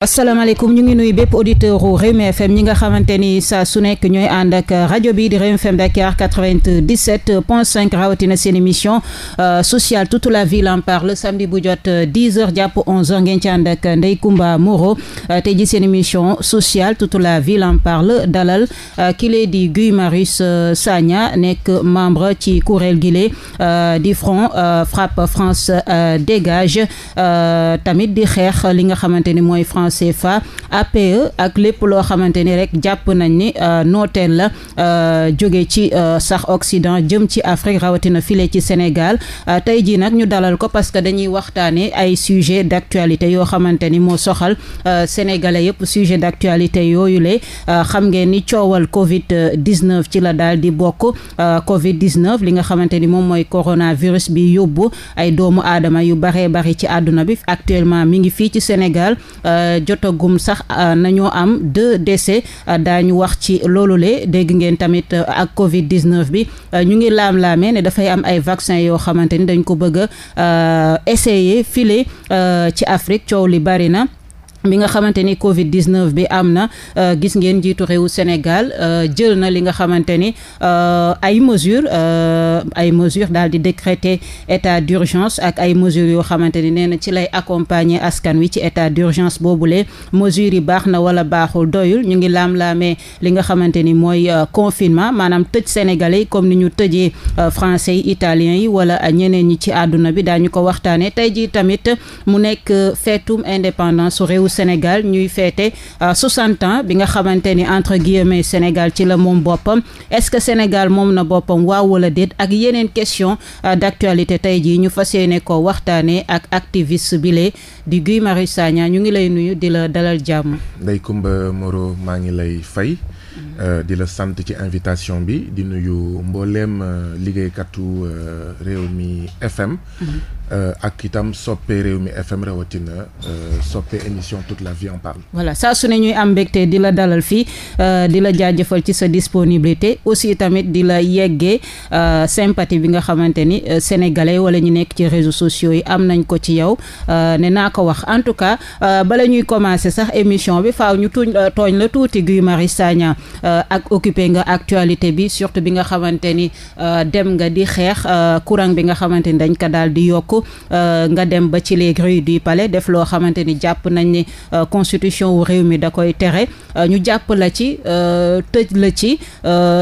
asalaamaaleykum ñu ngi nuyu bépp auditeur u Rewmi FM ñi nga xamante ni saa su nekk ñooy ànd ak rajo bi di Rewmi FM Dakar 97 point 5 rawatina seen émission euh, sociale toute la ville en parle samedi bu jot 10 euh, heures jàpp 11 heures ngeen ci ànd ak Ndeye Comba Moreau euh, tey ji seen émission sociale toute la ville en parle dalal kile di Guy Marius Sagna nekk membre ci kuréel gile di front FRAPP France dégage tamit di xeex li nga xamante ni mooy France franc CFA APE ak lépp loo xamante ni rek jàpp nañ ni euh, nooteel la euh, jóge ci euh, sax Occident jëm ci Afrique rawatina file ci Sénégal tey jii nag ñu dalal ko parce que dañuy waxtaane ay sujet d'actualité yoo xamante ni moo soxal sénégalais yëpp sujet d'actualité yooyu le xam ngeen ni coowal Covid 19 ci la daal di bokk Covid 19 li nga xamante ni moom mooy coronavirus bi yóbbu ay doomu aadama yu baree bari ci àdduna bi actuellement mi ngi fii ci Sénégal jotagum sax euh, nañoo am de décès euh, daañu wax ci loolu le dégg ngeen tamit euh, ak Covid 19 bi ñu ngi laam-laamee ne dafay am ay vaccin yoo xamante ni dañ ko bëgg a file filer ci Afrique coow li bari na. bi nga xamante ni Covid 19 bi am na euh, gis ngeen jiitu réewu Sénégal euh, jël na li nga xamante ni euh, ay mesures ay mesures daal di décréter état d'urgence ak ay mesures yoo xamante ni nee na ci lay accompagner askan wi ci état d'urgence boobule mesures yi baax na wala baaxul doyul ñu ngi laam-laamee li nga xamante ni mooy confinement maanaam tëj sénégalais comme ni ñu tëjee français yi italiens yi wala ñeneen ñi ci àdduna bi ñu ko waxtaanee tey jii tamit mu nekk feetum indépendance réew Sénégal ñuy féete 60 euh, ans bi nga xamante ni entre guillemets Sénégal ci la moom boppam est-ce que Sénégal moom na boppam waaw wala déet ak yeneen question euh, d'actualité tey jii ñu fas yéene ko waxtaanee ak activiste bile di Guy Marius Sagna ñu ngi lay nuyu di la dalal jàmm. Ndeye Comba moro maa ngi lay fay. Mm-hmm. Euh, di la sant ci invitation bi di nuyu mbooleem liggéeykatu Rewmi FM. Mm-hmm. Euh, ak itam soppe réew mi FM rawatina euh, soppe émission toute la vie en parle. saa su ne ñuy am mbégte di la dalal fii euh, di la jaajëfal ci sa disponibilité aussi tamit di la yeggee sympathie bi nga xamante ni sénégalais wala ñu nekk ci réseau sociaux yi am nañ ko ci yow ne naa ko wax en tout cas bala ñuy commencer sax émission bi faaw ñu tuñ tooñ la tuuti Guy Marius Sagna ak occupé nga actualité bi surtout bi nga xamante ni dem nga di xeex courant bi nga xamante ni dañ ko daal di yokk. foofu euh, nga dem ba ci les grilles du palais def loo xamante ni jàpp nañ ni euh, constitution wu réew mi da koy tere euh, ñu jàpp la ci tëj la ci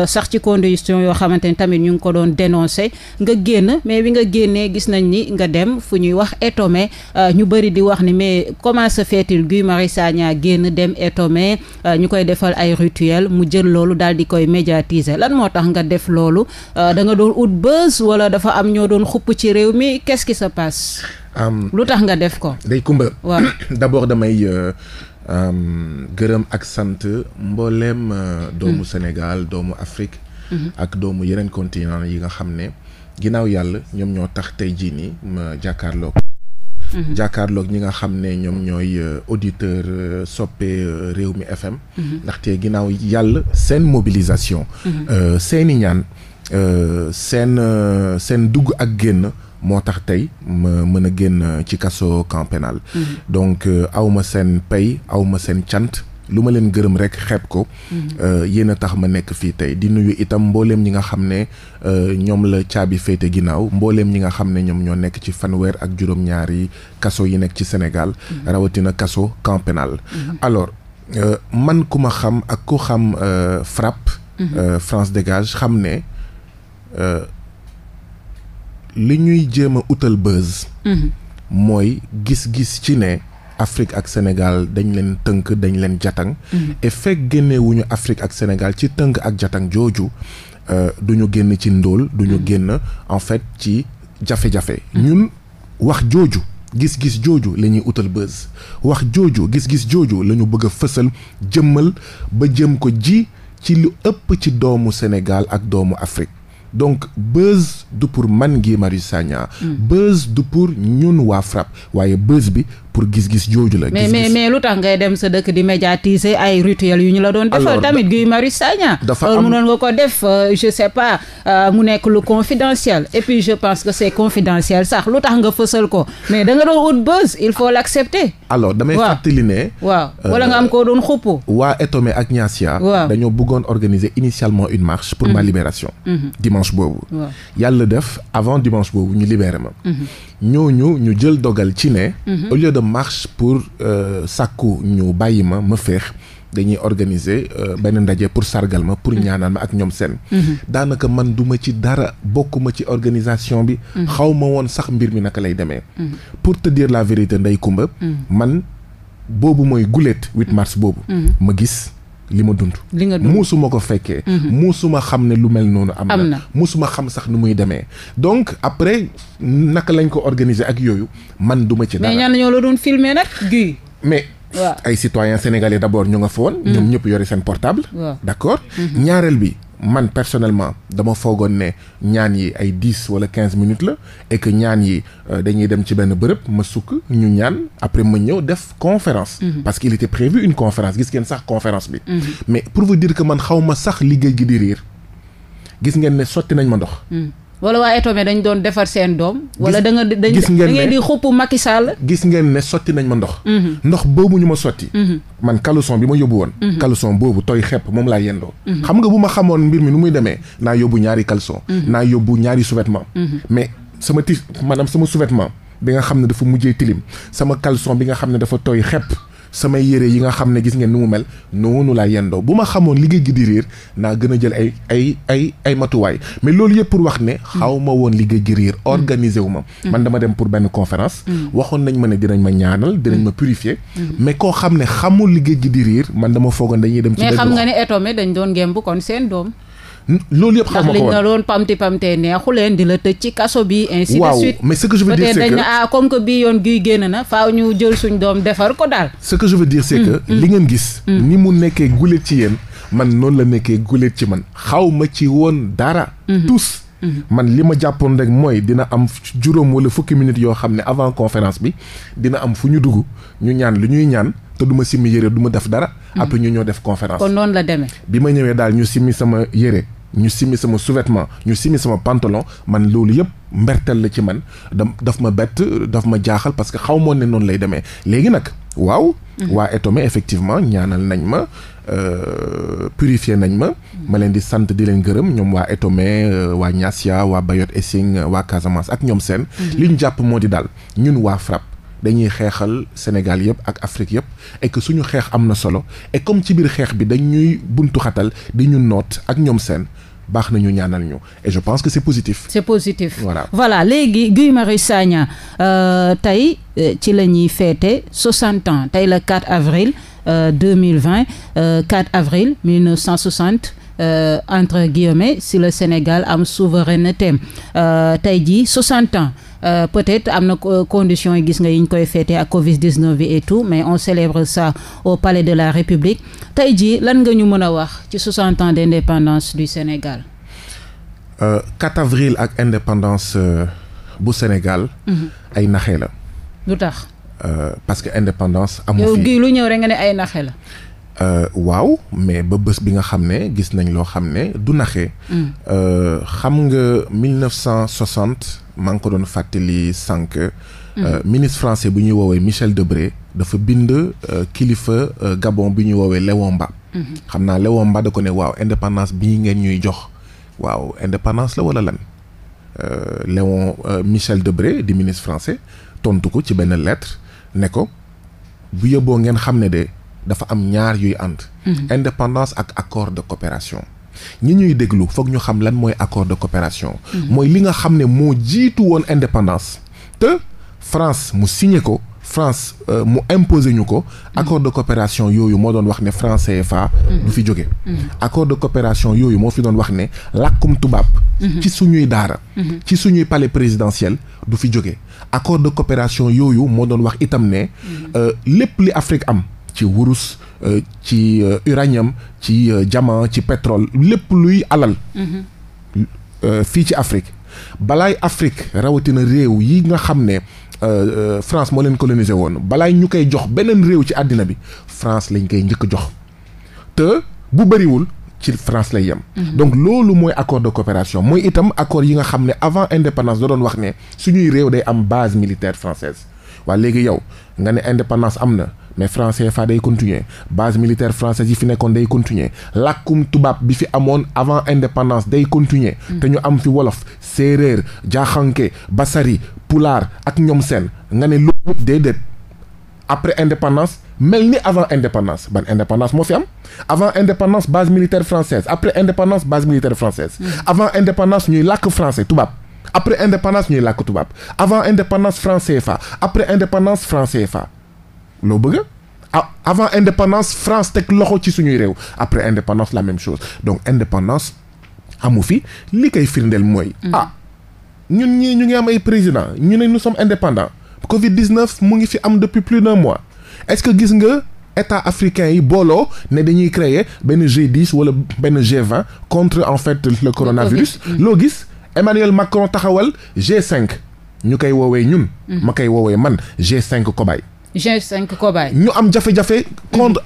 sax ci condition yoo xamante ni tamit ñu ngi ko doon dénoncé nga génn mais bi nga génnee gis nañ ni nga dem fu ñuy wax Etomé ñu bëri di wax ni mais comment feetil fait-il Guy Marius Sagna génn dem Etomé ñu koy defal ay rituel mu jël loolu daal di koy médiatiser lan moo tax nga def loolu da doon ut buzz wala dafa am ñoo doon xupp ci se passe. lu tax nga def ko. day kumba waaw d'abord damay euh, gërëm ak sant mbooleem euh, doomu mm. Sénégal doomu Afrique. Mm-hmm. ak doomu yeneen continent yi nga xam ne ginnaaw yàlla ñoom ñoo tax tey jii nii ma jàkkaarloog. Mm-hmm. jàkkaarloog ñi nga xam ne ñoom ñooy euh, auditeur soppe réew mi FM. Mm-hmm. ndaxte ginnaaw yàlla seen mobilisation. seeni ñaan seen seen dugg ak génn. moo tax tey ma mën a génn euh, ci kaso camp pénal mhm. donc euh, aw seen pay aw ma seen cant lu ma leen gërëm rek xeeb ko mhm. euh, yéen a tax ma nekk fii tey di nuyu itam mbooleem ñi nga xam ne ñoom la caabi féete ginnaaw mbooleem ñi nga xam ne ñoom ñoo nekk ci fanweer ak juróom-ñaari kaso yi nekk ci Sénégal mhm. rawatina kaso camp pénal alors man ku ma xam ak ku xam FRAPP France Dégage xam ne li ñuy jéem a utal buzz. Mhm. mooy gis-gis ci ne Afrique ak senegal dañ leen tënk dañ leen jatang mhm. et fekk génnewuñu Afrique ak senegal ci tënk ak jatang jooju euh, du ñu génn ci ndool du ñu mhm. génn en fet ci jafe-jafe ñun wax jooju gis-gis jooju li ñuy utal buzz wax jooju gis-gis jooju lañu ñu bëgg fësal jëmmal ba jëm ko ji ci lu ëpp ci doomu Sénégal ak doomu Afrique donc buzz du pour man ngi Marius Sagna. Mm. buzz du pour ñun waa FRAPP waaye buzz bi pour gis-gis jooju la. mais mais mais lu tax ngay dem sa dëkk di médiatiser ay rituel yu ñu la doon. defal tamit Guy Marius Sagna. dafa euh, am mënoon nga ko def euh, je sais pas euh, mu nekk lu confidentiel et puis je pense que c'est confidentiel sax lu tax nga fësal ko mais da nga doon ut buzz il faut l'accepter. alors damay fàttali ne. waaw wala nga am koo doon xuppu. waa Etomé ak Niassia. waaw dañoo bëggoon organiser initialement une marche pour ma mhm. libération. Mhm. dimanche boobu. yàlla def avant ñooñu ñu ñu jël dogal ci ne. Mhm. au de marche pour euh, sàkku ñu bàyyi ma ma féex. dañuy organiser euh, benn ndaje pour sargal ma pour mhm. ñaanal ma ak ñoom seen. Mhm. daanaka man duma ci dara bokkuma ci organisation bi. xaw ma woon sax mbir mi naka lay demee. pour te dire la vérité Ndeye Kumba. man boobu mooy guléet 8 mars boobu. ma gis. li ma dunt li nga dund muusuma ko fekkee muusuma mhm. xam ne lu mel noonu am na muusuma xam sax nu muy demee donc après naka lañ ko organiser ak yooyu man duma ci dara mais ñaan ñoo la doon filmer nag gi mais ay citoyens sénégalais d'abord nga fa woon ñoom mhm. ñëpp yore seen portable d'accord mhm. ñaareel bi man personnellement dama foogoon ne ñaan yi ay dix wala quinze minutes la et ñaan yi euh, dañuy dem ci benn bërëb ma sukk ñu ñaan après ma ñëw def conférence. Mhm. parce qu'il était prévu une conférence gis ngeen sax conférence bi. Mhm. mais pour vous dire que man xaw sax liggéey gi di riir gis ngeen ne sotti nañ ma ndox. Mhm. wala waa Etomé dañ doon defar seen doom. wala da nga dañ gis ngeen ne da ngeen di xupp Macky Sall. gis ngeen ne sotti nañ ma ndox. Mhm. ndox boobu ñu ma sotti. Mhm. man caleçon bi ma yóbbu woon. Mhm. caleçon boobu toy xepp moom laa yendoo. xam nga bu ma xamoon mbir mi nu muy demee naa yóbbu ñaari caleçon. naa yóbbu ñaari sous-vêtement. mais sama tis maanaam sama sous bi nga xam ne dafa mujjee tilim sama kalson bi nga xam ne dafa tooy xepp. samay yére yi nga xam ne gis ngeen ni mu mel noonu laa yendoo bu ma xamoon liggéey gi di riir naa gën a jël ay ay ay ay matuwaay mais loolu yëpp pour wax ne xaw ma woon liggéey gi riir mm. organisé wu ma mm. man dama dem pour benn conférence mm. waxoon nañ ma ne dinañ ma ñaanal dinañ ma purifier mais koo xam ne xamul liggéey gi di riir man dama foogoon dañuy dem ci mais xam nga ne Etomé dañ doon ngemb kon seen doom loolu yëpp xam ma ko woon ndax pamti pamte neexu leen di la tëj ci kaso bi. ainsi de suite mais ce que je veux dire ah comme que bii yoon guy génn na faaw ñu jël suñ doom defar ko daal. ce que je veux mm, mm. li ngeen gis. Mm. ni mu nekkee guléet ci yéen man noonu la nekkee guléet ci man xaw ma ci woon dara. Mm-hmm. tous. Mm-hmm. man li ma jàppoon rek mooy dina am juróom wala fukki minutes yoo xam ne avant conférence bi dina am fu ñu dugg ñu ñaan lu ñuy ñaan te duma ma simmi du ma def dara. Mm-hmm. après ñu ñoo def conférence. noonu la demee. bi ma ñëwee daal ñu simmi sama yére ñu simmi sama sous ñu simi sama pantalon man loolu yëpp mbertel la ci man dam daf ma bett daf ma jaaxal parce que xaw moon ne noonu lay demee léegi nag waaw mhm. waa Etomé effectivement ñaanal nañ ma euh, purifier nañ ma ma leen di sant di leen gërëm ñoom waa Etomé euh, waa Niassia waa Bayot Essing waa Casamance ak ñoom seen mhm. li ñu jàpp moo di daal ñun waa FRAPP dañuy xeexal Sénégal yëpp ak Afrique yëpp et que suñu xeex am na solo et comme ci biir xeex bi dañuy buntu xatal di ñu noot ak ñoom seen baax na ñu ñaanal ñu et je pense que c'est positif. c'est positif voilà voilà léegi Guy Marius Sagna euh, tey euh, ci la ñuy féete 60 ans tey le 4 avril 2020 euh, 4 avril 1960. Euh, entre guillemets si le Sénégal am souveraineté euh, tey jii 60 ans Euh, peut-être am na euh, conditions yi gis nga yiñ koy féete ak Covid 19 bi et tout mais on célèbre sa au palais de la République tey jii lan nga ñu mën a wax ci 60 ans d'indépendance du Sénégal. Euh, 4 avril ak indépendance euh, bu Sénégal. Mhm. ay naxe la. lu tax. parce que indépendance. amu fi yow lu ñëw rek nga ne ay naxee la. Euh, waaw mais ba bés bi nga xam ne gis nañ loo xam ne du naxe mm. xam mm. nga 1960. maa ngi ko doon fàttali sànq. Euh, mm-hmm. ministre français bu ñuy woowee Michel Debré dafa bind euh, kilifa euh, Gabon bi ñuy woowee leon Mba. Mm-hmm. xam naa Léon Mba da ko ne waaw indépendance bii ngeen ñuy jox waaw indépendance la wala lan. Léon Michel Debré di ministre français tontu ko ci benn lettre ne ko bu yóbboo ngeen xam ne de dafa am ñaar yuy ànd. Mm-hmm. indépendance ak accord de coopération. ñi ñuy déglu foog ñu xam lan mooy accord de coopération. mooy li nga xam ne moo jiitu woon indépendance te France mu signé ko. France euh, mu imposé ñu ko accord de coopération yooyu moo doon wax ne franc CFA du fi jóge accord de coopération yooyu moo fi doon wax ne làkkum tubaab ci suñuy daara ci suñuy palais présidentiel du fi jóge accord de coopération yooyu moo doon wax itam ne euh, lépp li Afrique am ci wurus euh, ci euh, uranium ci euh, diamant ci petrole lépp luy alal mm-hmm. fii ci Afrique balaay Afrique rawatina réew yi nga xam ne Euh, euh, France moo leen colonisé woon balaay ñu koy jox beneen réew ci àddina bi France lañ koy njëkk jox te bu bëriwul ci France lay yem. Mm donc loolu mooy accord de coopération mooy itam accord yi nga xam ne avant indépendance da doon wax ne suñuy réew day am base militaire française waa léegi yow nga ne indépendance am na. mais franc CFA day continuer base militaire française yi fi nekkoon day continuer làkkum tubaab bi fi amoon avant indépendance day continuer mm. te ñu am fi wolof séeréer jaaxanke basari pulaar ak ñoom seen nga ne loolu déedéet après indépendance mel ni avant indépendance ban indépendance moo fi am avant indépendance base militaire française après indépendance base militaire française mm. avant indépendance ñuy làkk français tubaab après indépendance ñuy làkk avant indépendance franc CFA après indépendance franc CFA loo bëgg ah avant indépendance France teg loxo ci suñuy réew après indépendance la même chose donc indépendance amu fi li koy firndeel mooy. Mm. ah ñun ñii ñu ngi am ay président ñu ne nous sommes indépendants Covid 19 mu ngi fi am depuis plus d'un mois est-ce que gis nga. état africain yi booloo ne dañuy créer benn G10 wala benn G20 contre en fait le coronavirus mm. loo gis Emmanuel Macron taxawal G5 ñu koy woowee ñun mm. ma koy woowee man G5 cobaye G5 Kobaye. ñu am jafe-jafe contre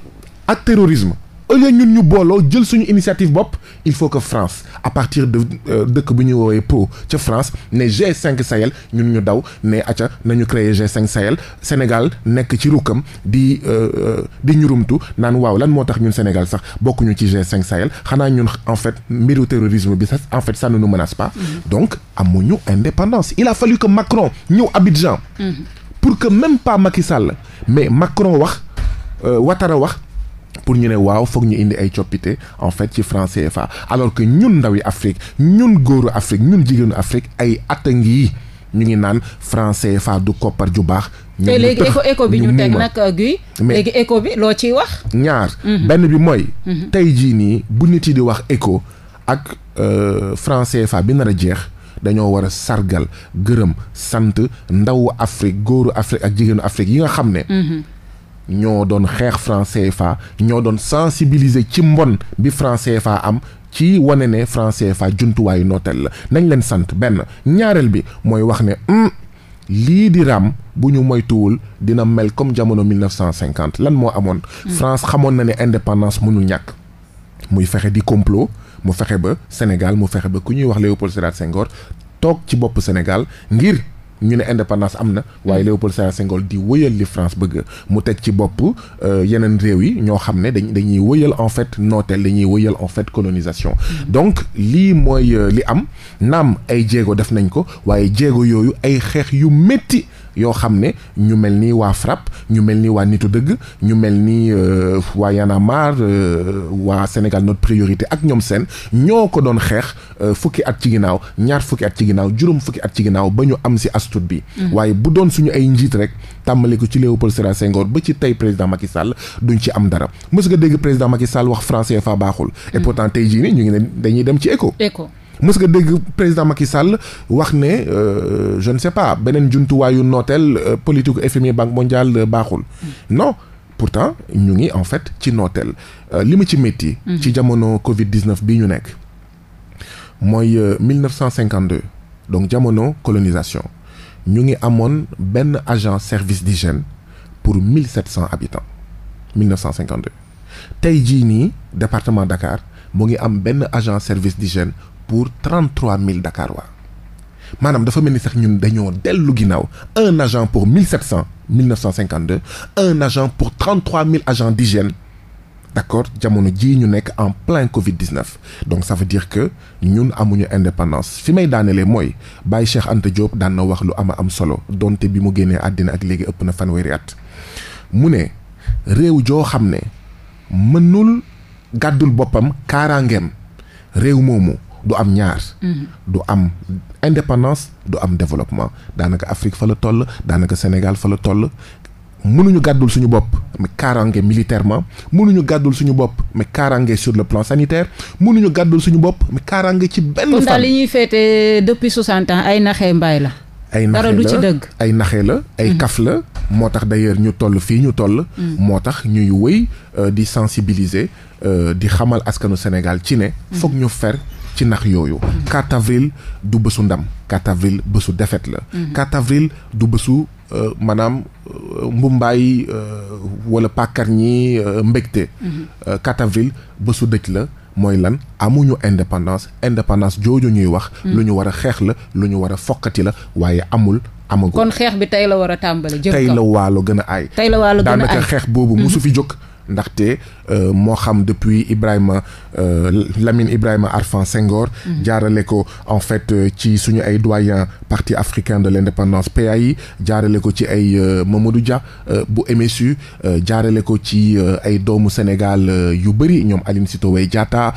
ak terrorisme. au lieu ñun ñu booloo jël suñu initiative bopp il faut que France à partir de euh, dëkk bu ñuy woowee pro ca France ne G5 ñun ñu daw ne acca nañu créer G5 Sahel Sénégal nekk ci rukkam di euh, euh, di ñurumtu naan waaw lan moo tax ñun Sénégal sax bokkuñu ci G5 Sahel xanaa ñun en fait mbiru terrorisme bi sax en fait ça nu nous menace pas. Mm-hmm. donc amuñu indépendance il a fallu que Macron ñëw Abidjan. Mm-hmm. pour que même pas Macky Sall mais Macron wax euh, Ouattara wax pour ñu ne waaw foog ñu indi ay coppite en fait ci franc fa alors que ñun ndawi Afrique ñun góoru Afrique ñun jigéenu Afrique ay atta ngi ñu ngi naan franc CFA du koppar ju baax. ñu léegi éco bi ñu teg nag euh, guy. léegi éco bi loo ciy wax. ñaar mhm. benn bi mooy. Mhm. tey jii nii bu nit yi di wax éco ak euh, franc CFA bi nar a jeex. dañoo war a sargal gërëm sant ndawu Afrique góoru Afrique ak jigéenu Afrique yi nga xam ne. ñoo doon xeex franc CFA ñoo doon sensibiliser ci mbon bi franc CFA am ci wane ne franc CFA jumtuwaayu nooteel la nañ leen sant benn ñaareel bi mooy wax ne hmm, lii di ram bu ñu moytuwul dina mel comme jamono 1950 lan moo amoon. Hmm. France xamoon na ne indépendance mënul ñàkk muy fexe di complot. mu fexe ba Sénégal mu fexe ba ku ñuy wax Léopold Sédar Senghor toog ci bopp Sénégal ngir ñu ne indépendance am na waaye mm. Léopold Sédar Senghor di wëyal li France bëgg mu teg ci bopp euh, yeneen réew yi ñoo xam ne dañ dañuy wëyal en fait nooteel dañuy wëyal en fait colonisation mm. donc lii mooy euh, li am naam ay jéego def nañ ko waaye jéego yooyu ay xeex yu metti yoo xam ne ñu mel ni waa FRAPP ñu mel ni waa nitu dëgg ñu mel ni euh, waa Y'en a marre euh, waa Sénégal notre priorité ak ñoom seen ñoo ko doon xeex euh, fukki at ci ginnaaw ñaar fukki at ci ginnaaw juróom fukki at ci ginnaaw ba ñu am si astut bi mm-hmm. waaye bu doon suñu ay njiit rek tàmbali ko ci Léopold Sédar Senghor ba ci tey président Macky Sall duñ ci am dara mës nga dégg président Macky Sall wax franc CFA baaxul et mm-hmm. pourtant tey jii nii ñu ngi ne dañuy dem ci éco éco mës nga dégg président Macky Sall wax ne euh, je ne sais pas beneen jumtuwaayu nooteel euh, politique FMI banque mondiale euh, baaxul mm. non pourtant ñu ngi en fait ci nooteel li ma ci métti mm. ci jamono covid 19 bi ñu nekk mooy 1952 donc jamono colonisation ñu ngi amoon benn agent service d'hygiène pour 1700 habitants 1952 tey jii nii département Dakar mu ngi am benn agent service d'hygiène pour trente trois mille Dakarois maanaam dafa mel ni sax ñun dañoo dellu ginnaaw un agent pour mille sept cent mille neuf cinquante deux un agent pour trente trois mille agents d'hygiène d'accord jamono jii ñu nekk en plein Covid 19 donc ça veut dire que ñun amuñu indépendance fi may daanelee mooy bàyyi Cheikh Anta Diop daan na wax lu ama am solo donte bi mu génnee àddina ak léegi ëpp na fanweeri at mu ne réew joo xam ne mënul gàddul boppam kaaraangeem réew moomu. du am ñaar. Mm-hmm. du am indépendance du am développement daanaka Afrique fa la toll daanaka Sénégal fa la toll. mënuñu gàddul suñu bopp mais kaaraange militairement mënuñu gàddul suñu bopp mais kaaraange sur le plan sanitaire mënuñu gàddul suñu bopp mais kaaraange ci benn. fan daal li depuis 60 ans ay naxee mbaay la. ay naxee la ci dëgg. ay naxee la ay mm-hmm. kaf la. moo tax d'ailleurs ñu toll fii ñu toll. Mm-hmm. moo tax ñuy wëy euh, di sensibiliser euh, di xamal askanu Sénégal ci ne. foog ñu fer. ci nax yooyu. 4 avril du bésu ndam. 4 avril bésu défaite la. 4 mhm. avril du bésu euh, maanaam euh, mbumbaay euh, wala pàkkar ñi mbégte. 4 mhm. avril bésu dëj la. mooy lan amuñu indépendance indépendance jooju ñuy wax. Mhm. lu ñu war a xeex la lu ñu war a fokkati la waaye amul amagu. kon xeex bi tey la war a tàmbali. jëm kaw la waalo gën a aay. tey la waalo gën a aay daanaka xeex boobu musu fi jóg. ndaxte euh, moo xam depuis Ibrahima euh, Lamine Ibrahima Arfan Senghor. Mm-hmm. jaarale ko en fait euh, ci suñu ay doyen parti africain de l' indépendance PAI jaarale ko ci ay Mamadou Dia bu MSU jaarale ko ci ay doomu Sénégal yu bëri ñoom Aline Sitoé Diatta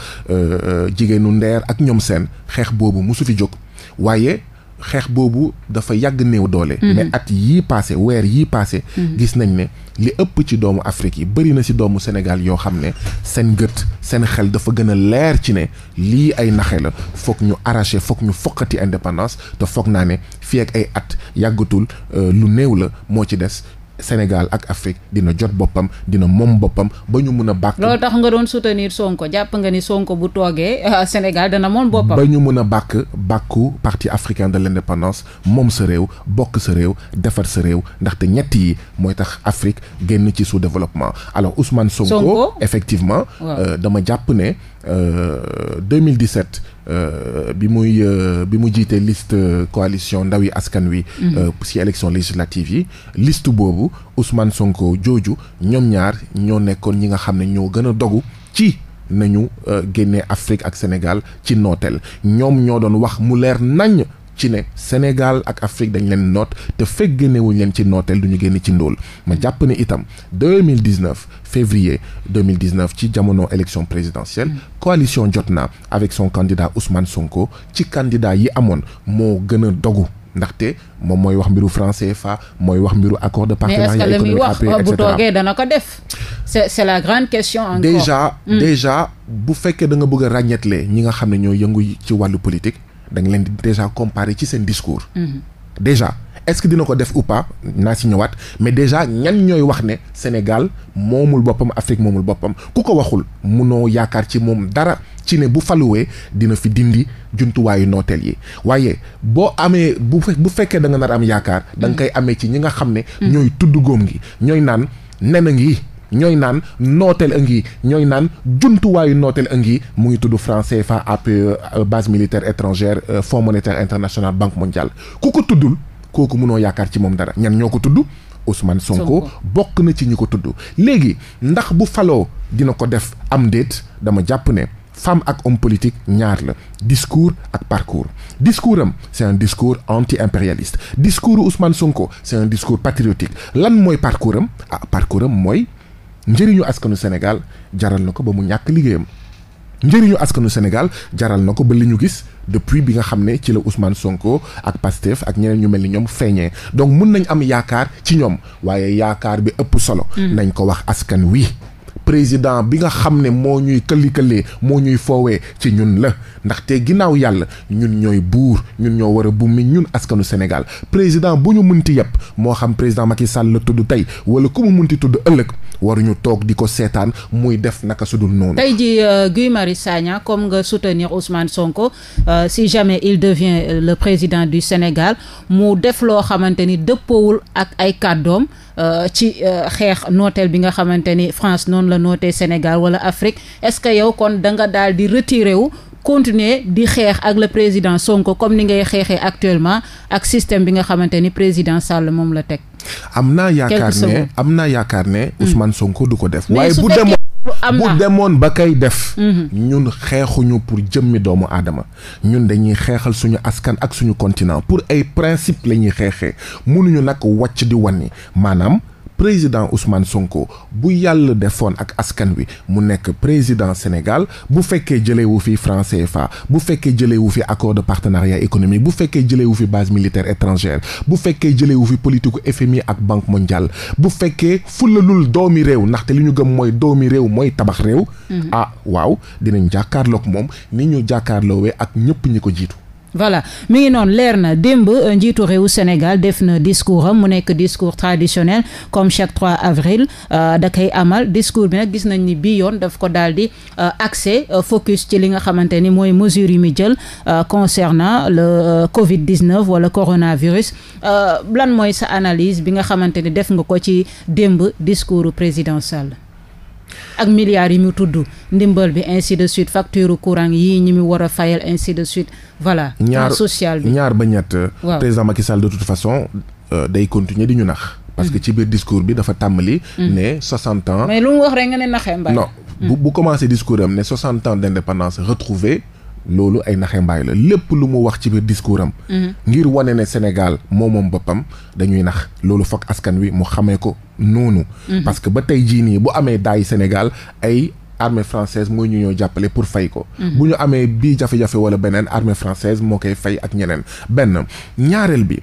jigéenu ndeer ak ñoom seen xeex boobu musu fi jóg waaye. xeex boobu dafa yàgg néew doole. Mhm. mais at yii passé weer yii passé. Mhm. gis nañ ne li ëpp ci doomu Afrique yi bëri na si doomu Sénégal yoo xam ne seen gët seen xel dafa gën a leer ci ne lii ay naxe la foog ñu arraché foog ñu foqati indépendance te foog naa ne fii ak ay at yàggatul euh, lu néew la moo ci des. Sénégal ak Afrique dina jot boppam dina moom boppam ba ñu mun a bàkk loolu tax nga doon soutenir Sonko jàpp nga ni Sonko bu toogee euh, Sénégal dana moom boppam ba ñu mun a bàkk bàkku parti africain de l'indépendance moom sa réew bokk sa réew defar sa réew ndaxte ñett yi mooy tax Afrique génn ci sous développement alors Ousmane Sonko, Sonko effectivement euh, dama jàpp ne euh, 2017 Euh, bi muy euh, bi mu jiitee liste euh, coalition Ndawi Askan Wi. ci mhm. élection législative yi. liste boobu Ousmane Sonko jooju ñoom ñaar ñoo nekkoon ñi nga xam ne ñoo gën a dogu ci. nañu génne Afrique ak Sénégal ci nooteel ñoom ñoo doon wax mu leer nañ ci ne Sénégal ak Afrique dañ leen noot te fekk génnewuñ leen ci nooteel lu ñu génn ci ndool ma jàpp ne itam 2019 février 2019 ci jamono élection présidentielle mm. coalition Jotna avec son candidat Ousmane Sonko ci candidat yi amoon moo gën a dogu ndaxte moom mooy wax mbiru franc CFA mooy wax mbiru accord de partenariat économique mais est-ce wax e, dana ko def c'est c'est la grande question encore déjà mm. bu fekkee danga nga bëgg a ràññetle ñi nga xam ne ñoo yëngu ci wàllu politique da leen di déjà comparer ci seen discours. Mhm. déjà est-ce que dina ko def ou pas naa si ñëwaat mais déjà ñan ñooy wax ne Sénégal moomul boppam Afrique moomul boppam ku ko waxul munoo yaakaar ci moom dara ci ne bu faluwee dina fi dindi jumtuwaayu nooteel yi waaye boo amee bu bu fekkee da nga nar am yaakaar. da nga mhm. koy amee ci ñi nga xam ne. Mhm. ñooy tudd góom gi ñooy naan nena ngi. ñooy naan nooteel a ngi ñooy naan jumtuwaayu nooteel a ngi mu ngi tudd franc CFA APE euh, euh, base militaire étrangère euh, fonds monétaire international banque mondiale ku ko tuddul kooku mënoo yaakaar ci moom dara ñan ñoo ko tudd Ousmane Sonko bokk na ci ñi ko tudd léegi ndax bu faloo dina ko def am déet dama jàpp ne femme ak homme politique ñaar la discours ak parcours discours am c'est un discours anti-impérialiste discours Ousmane Sonko c'est un discours patriotique lan mooy parcours am ah parcours mooy njëriñu askanu Sénégal jaral na ko ba mu ñàkk liggéeyam njëriñu askanu Sénégal jaral na ko ba li ñu gis depuis bi nga xam ne ci la Ousmane Sonko ak Pastef ak ñeneen ñu mel ni ñoom feeñee donc mun nañ am yaakaar ci ñoom waaye yaakaar bi ëpp solo. Mm. nañ ko wax askan wi. président bi nga xam ne moo ñuy këlli-këllee moo ñuy foowee ci ñun la ndaxte ginnaaw yàlla ñun ñooy buur ñun ñoo war a bummi ñun askanu Sénégal président bu ñu munti yëpp moo xam président Macky Sall la tudd tey wala ku mu munti tudd ëllëg waruñu toog di ko seetaan muy def naka sudul dul noonu. tey jii euh, Guy Marius Sagna comme nga soutenir Ousmane Sonko euh, si jamais il devient le président du Sénégal mu def loo xamante ni dëppoowul ak ay kàddoom. Euh, ci euh, xeex nooteel bi nga xamante ni France noonu la nootee Sénégal wala Afrique est-ce que yow kon danga nga daal di retiré wu continuer di xeex ak le président Sonko comme ni ngay xeexee actuellement ak système bi nga xamante ni président Sall moom la teg. am naa yaakaar ne am naa yaakaar ne hmm. Ousmane Sonko du ko def. waaye bu demoon bu demoon ba kay def. Mhm. ñun xeexuñu pour jëmmi doomu aadama ñun dañuy xeexal suñu askan ak suñu continent pour ay principe la ñuy xeexee mënuñu nag wàcc di wanni maanaam. président Ousmane Sonko bu yàlla defoon ak askan wi mu nekk président Sénégal bu fekkee jëlee wu fi franc fa bu fekkee jëlee wu fi accord de partenariat économie bu fekkee jëlee wu fi base militaire étrangère bu fekkee jëlee wu fi politique FMI ak banque mondiale bu fekkee fulalul doomi réew ndaxte li ñu gëm mooy doomi réew mooy tabax réew. Mhm. ah waaw dinañ jàkkaarlook moom ni ñu jàkkaarloowee ak ñëpp ñi ko jiitu. voilà mi ngi noonu leer na démb euh, njiitu réewu Sénégal def na discours am mu nekk discours traditionnel comme chaque 3 avril euh, da koy amal discours bi nag gis nañ ni bii yoon daf ko daal di euh, accès focus ci li nga xamante ni mooy mesures yu muy jël concernant le Covid 19 wala coronavirus lan mooy sa analyse bi nga xamante ni def nga ko ci démb discours président Sall. ak milliards yi mu tudd ndimbal bi ainsi de suite facture courant yii ñi mu war a fayal ainsi de suite voilà. ñaar social bi ñaar ba ñett. waaw président Macky Sall de toute façon euh, day continuer di ñu nax. parce que mm. ci biir discours bi dafa tàmbali. Mm. ne 60 ans. mais lu mu wax rek nga ne naxee mbaa. non bu bu commencé discours am ne ans d' indépendance loolu ay naxe mbaay la lépp lu mu wax ci biir discours mhm. ngir wane ne Sénégal moo moom boppam dañuy nax loolu foog askan wi mu xamee ko noonu. Mhm. parce que ba tey jii nii bu amee daay Sénégal ay. armée française mooy ñu ñoo jàppale pour fay mhm. bu ñu amee bii jafe wala beneen armée française moo koy fay ak ñeneen benn ñaareel bi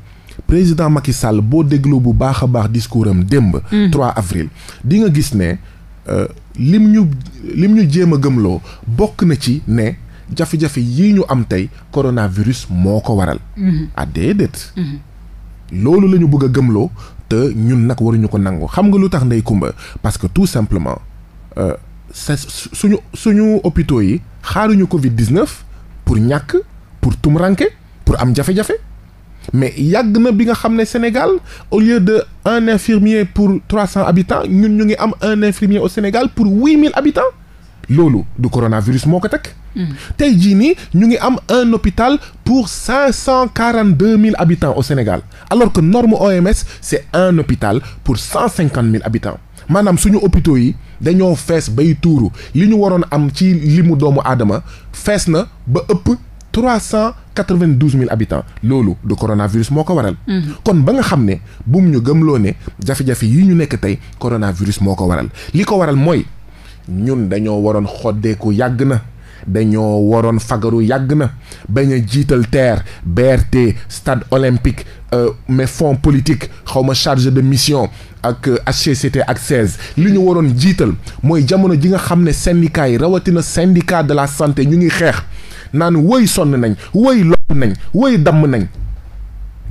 président Macky Sall boo déglu bu baax a baax discours am démb 3 avril di nga gis ne euh, lim ñu lim ñu jéem a gëmloo bokk na ci ne jafe-jafe yii ñu am tey coronavirus moo ko waral. Mhm. ah déedéet. Mhm. loolu la ñu bëgg a gëmloo te ñun nag waruñu ko nangu xam nga lu tax ndey kumba parce que tout simplement euh, sa suñu suñu hôpitaux yi xaaruñu Covid 19 pour ñàkk pour tumranke pour am jafe-jafe. mais yàgg na bi nga xam ne Sénégal au lieu de un infirmier pour trois cents habitants ñun ñu ngi am un infirmier au Sénégal pour huit mille habitants loolu du coronavirus moo ko teg Mm. tey jii nii ñu ngi am un hôpital pour cinq cent quarante deux mille habitants au Sénégal alors que norme OMS c'est un hôpital pour cent cinquante mille habitants maanaam suñu hôpitaux yi dañoo fees bay tuuru li ñu waroon am ci limu doomu aadama fees na ba ëpp trois cent quatre vingt mille habitants loolu du coronavirus moo ko waral. Mm. kon ba nga xam ne bum ñu gëmloo ne jafe-jafe yi ñu nekk tey coronavirus moo ko waral li ko waral mooy ñun dañoo waroon xoddeeku yàgg na. dañoo waroon fagaru yàgg na bañ a jiital TER BRT stade olympique euh, mais fonds politique xawma chargé de mission ak HCCT euh, ak 16 li ñu waroon jiital mooy jamono ji nga xam ne syndicat yi rawatina syndicat de la santé ñu ngi xeex naan woy sonn nañ woy lopp nañ woy damm nañ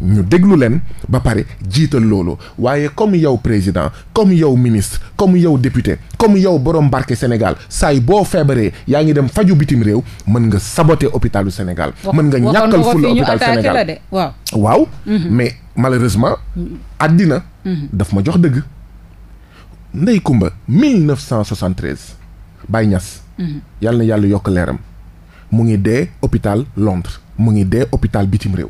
ñu déglu leen ba pare jiital loolu waaye comme yow président comme yow ministre comme yow député comme yow borom barke Sénégal saay boo feebaree yaa ngi dem faju bitim réew mën nga saboter hôpitalu Sénégal. mën nga ñàkkal fulla hôpital Sénégal waaw. Mhm. mais malheureusement. Mhm. àddina. Mhm. daf ma jox dëgg. Ndey Kumba 1973 Baye Niass. yàlla na yàlla yokk leeram mu ngi dee hôpital Londres mu ngi dee hôpital bitim réew.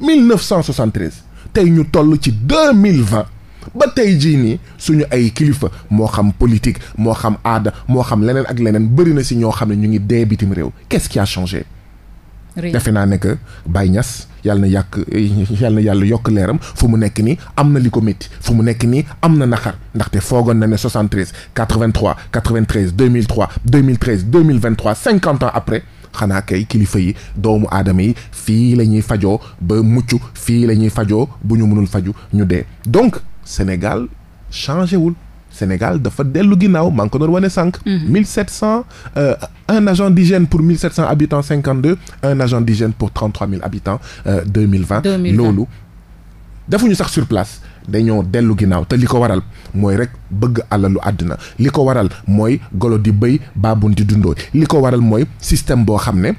1973 tey ñu toll ci 2020 ba tey jii nii suñu ay kilifa moo xam politique moo xam aada moo xam leneen ak leneen bëri na si ñoo xam ne ñu ngi dee bitim réew qu'est-ce qui a changé. defe naa ne que Baye Niass yàlla na yàq yàlla na yàlla yokk leeram fu mu nekk nii am na li ko métti fu mu nekk nii am na naxar ndaxte foogoon na ne 73 83 93 2003 2013 2023 50 ans après. xanaa kay kilifa yi doomu aadama yi fii la ñuy fajoo ba mucc fii la ñuy fajoo bu ñu mënul faju ñu dee donc Sénégal changé wul Sénégal dafa dellu ginnaaw maa ngi ko doon wane sànq. 1700 mhm. euh, un agent d'hygiène pour 1700 habitants 52 un agent d'hygiène pour 33000 habitants euh, 2020. 2020 loolu defuñu sax sur place. dañoo dellu ginnaaw te li ko waral mooy rek bëgg alalu àdduna li ko waral mooy golo di bëy baabun di dundoo li ko waral mooy système boo xam ne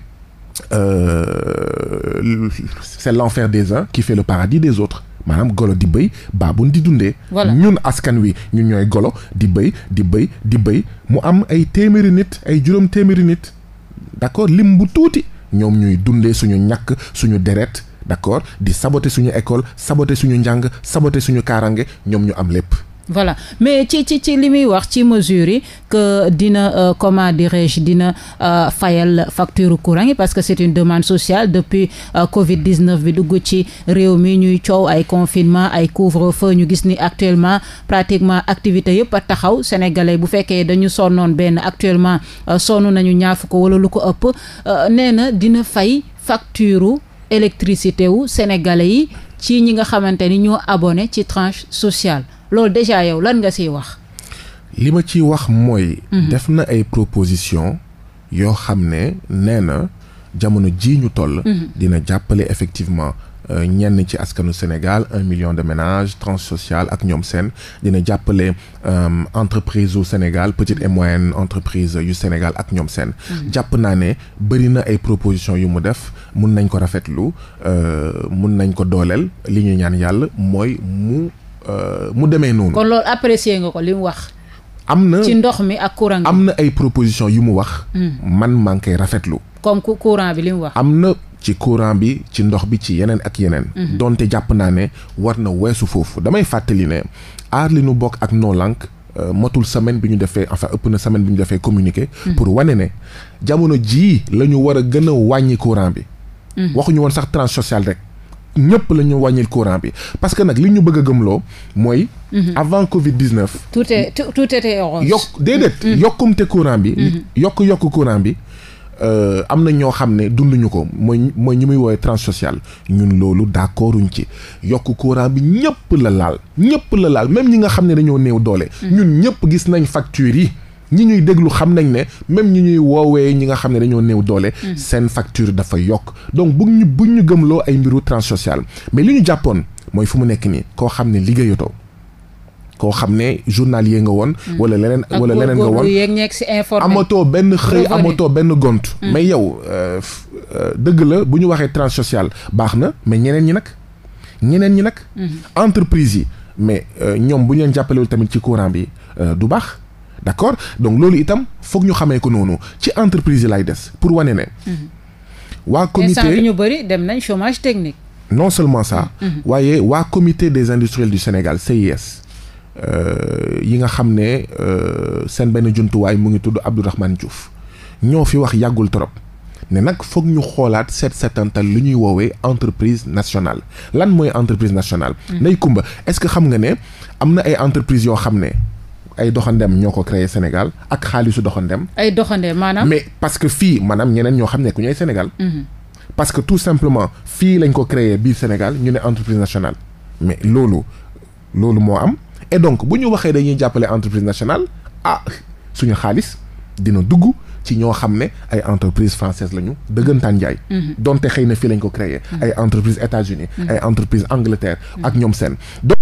euh, c'est l'enfer des uns qui fait le paradis des autres maanaam golo di bëy baabun di dundee ñun askan wi ñu ñooy golo di bëy di bëy di bëy mu am ay téeméeri nit ay juróom téeméeri nit d'accord lim bu tuuti ñoom ñuy dundee suñu ñàkk suñu deret d'accord di saboter suñu école saboter suñu njàng saboter suñu kaarange ñoom ñu am lépp. voilà mais ci ci ci li muy wax ci mesure yi que dina euh, comment dirais-je dina euh, fayal facture courant yi parce que c'est une demande sociale depuis euh, Covid 19 bi dugg ci réew mi ñuy coow ay confinement ay couvre-feu ñu gis ni actuellement pratiquement activité yëpp a taxaw sénégalais bu fekkee dañu sonnoon benn actuellement euh, sonnu nañu ñaaf ko wala lu ko ëpp euh, nee na dina fay facture électricité wu sénégalais yi ci ñi nga xamante ni ñoo abonné ci tranche sociale loolu déjà yow lan nga siy wax li ma ciy wax mooy mhm. def na ay proposition yoo xam ne nee na jamono ji ñu toll mhm. dina jàppale effectivement ñenn ci askanu Sénégal un million de ménage tranche sociale ak ñoom seen dina jàppale euh, entreprise yu Sénégal petite et moyenne entreprise yu Sénégal ak ñoom seen mm-hmm. jàpp naa ne bëri na ay proposition yu mu def mun nañ ko rafetlu euh, mun nañ ko dooleel li ñu ñaan yàlla mooy mu euh, mu demee noonu kon loolu apprécier nga ko li mu wax am na ci ndox mi ak courant am na ay proposition yu mu wax mm. man maa ngi rafetlu comme courant bi li mu wax ci courant bi ci ndox bi ci yeneen ak yeneen. Mhm. donte jàpp naa ne war na weesu foofu damay fàttali ne aar li nu bokk ak Noo Lank euh, matul semaine bi ñu defee enfin ëpp na semaine bi ñu defee communiqué. Mhm. pour wane ne jamono ji la ñu war a gën a wàññi courant bi. Mhm. waxuñu woon sax tranche sociale rek. ñëpp la ñu wàññil courant bi parce que nag li ñu bëgg a gëmloo mooy. avant Covid 19. tout est tout était orange. yokk déedéet. yokkumte courant bi. yokk yokk courant bi. Euh, am na ñoo xam ne dunduñu ko mooy mooy ñi muy woowee transsocial ñun loolu d'accorduñ ci yokk courant bi ñëpp la laal ñëpp la laal même ñi nga xam ne dañoo néew doole. Mm. ñun ñëpp gis nañ factures yi. ñi ñuy déglu xam nañ ne même ñi ñuy woowee ñi nga xam ne dañoo néew doole. Mm. seen facture dafa yokk donc bu ñu bu ñu gëmloo ay mbiru transsocial mais li ñu jàppoon mooy fu mu nekk nii koo xam ne liggéeyatoo. koo xam ne journalier nga woon. Mm. wala leneen wala leneen nga woon amatoo benn xëy amatoo benn gont. Mm. mais yow euh, euh, dëgg la bu ñu waxee tranche sociale baax na mais ñeneen ñi nag ñeneen ñi nag. Mm-hmm. entreprise yi mais euh, ñoom bu ñu leen jàppalewul tamit ci courant bi du baax. d'accord donc loolu itam foog ñu xamee noonu ci entreprise yi lay des pour wane ne. Mm-hmm. waa comité ñu bëri dem nañ technique. non seulement ça. Mm-hmm. waaye waa comité des industriels du Sénégal CIS. yi nga xam ne euh, seen benn jumtuwaay mu ngi tudd Abdourahmane Diouf ñoo fi wax yàggul trop ne nag foog ñu xoolaat seet seetantal li ñuy woowee entreprise nationale lan mooy entreprise nationale. Mm. Ndeye Comba est-ce que xam nga ne am na ay entreprises yoo xam ne. ay doxandem ñoo ko créé Sénégal ak xaalisu doxandem. ay doxandem maanaam. mais parce que fii maanaam ñeneen ñoo xam ne ku ñooy Sénégal. Mm-hmm. parce que tout simplement fii lañ ko créer biir Sénégal ñu ne entreprise nationale. mais loolu moo am et donc bu ñu waxee dañuy jàppale entreprise nationale ah suñu xaalis dina dugg ci ñoo xam ne ay entreprise française la ñu dëggantaan jaay mhm. donte xëy na fii lañ ko créer mhm. ay entreprise États-Unis mhm. ay entreprise Angleterre ak ñoom seen donc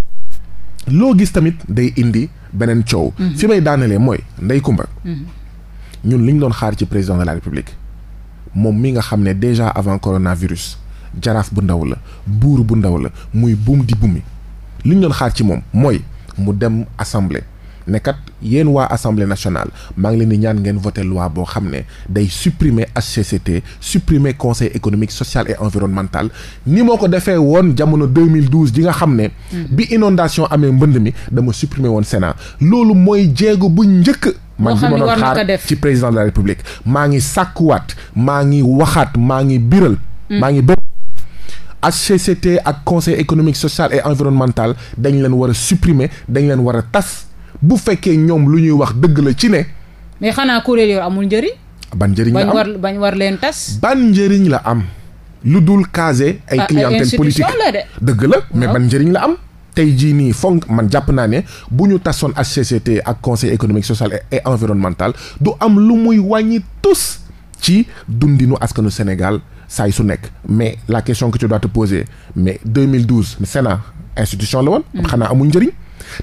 loo gis tamit day indi beneen coow fi may daanelee mooy ndey kumba ñun ñu doon xaar ci président de la république moom mi nga xam ne déjà avant coronavirus jaraaf bu ndaw la buur bu ndaw la muy buum di bumi liñ doon xaar ci moom mooy mu dem assemblée nekkat kat waa assemblée nationale maa ngi leen di ñaan ngeen voté loi boo xam ne day supprimer HCCT supprimer conseil économique social et environnemental ni moo ko defee woon jamono 2012 ji nga xam ne. bi inondation amee mbënd mi dama supprimer woon Sénat loolu mooy jéego bu njëkk. man bi ma doon xaar ci président de la république maa ngi sàkkuwaat maa ngi waxaat maa ngi biral hmm. maa ngi bépp HCCT ak conseil économique social et environnemental dañu leen war a supprimer dañ leen war a tas bu fekkee ñoom lu ñuy wax dëgg la ci ne. mais xanaa kuréel yooyu amul njëriñ. ban njëriñ la am bañ war bañ leen tas. ban njëriñ la am. lu dul casé ah, ay clientèle politique dëgg la mais ban njëriñ la am. tey jii nii fonk man jàpp naa ne bu ñu tasoon HCCT ak conseil économique social et environnemental du am lu muy wàññi tous ci dundinu askanu Sénégal. saa su nekk mais la question que tu dois te poser mais 2012 Sénat institution la woon. Mm. xanaa amul njëriñ.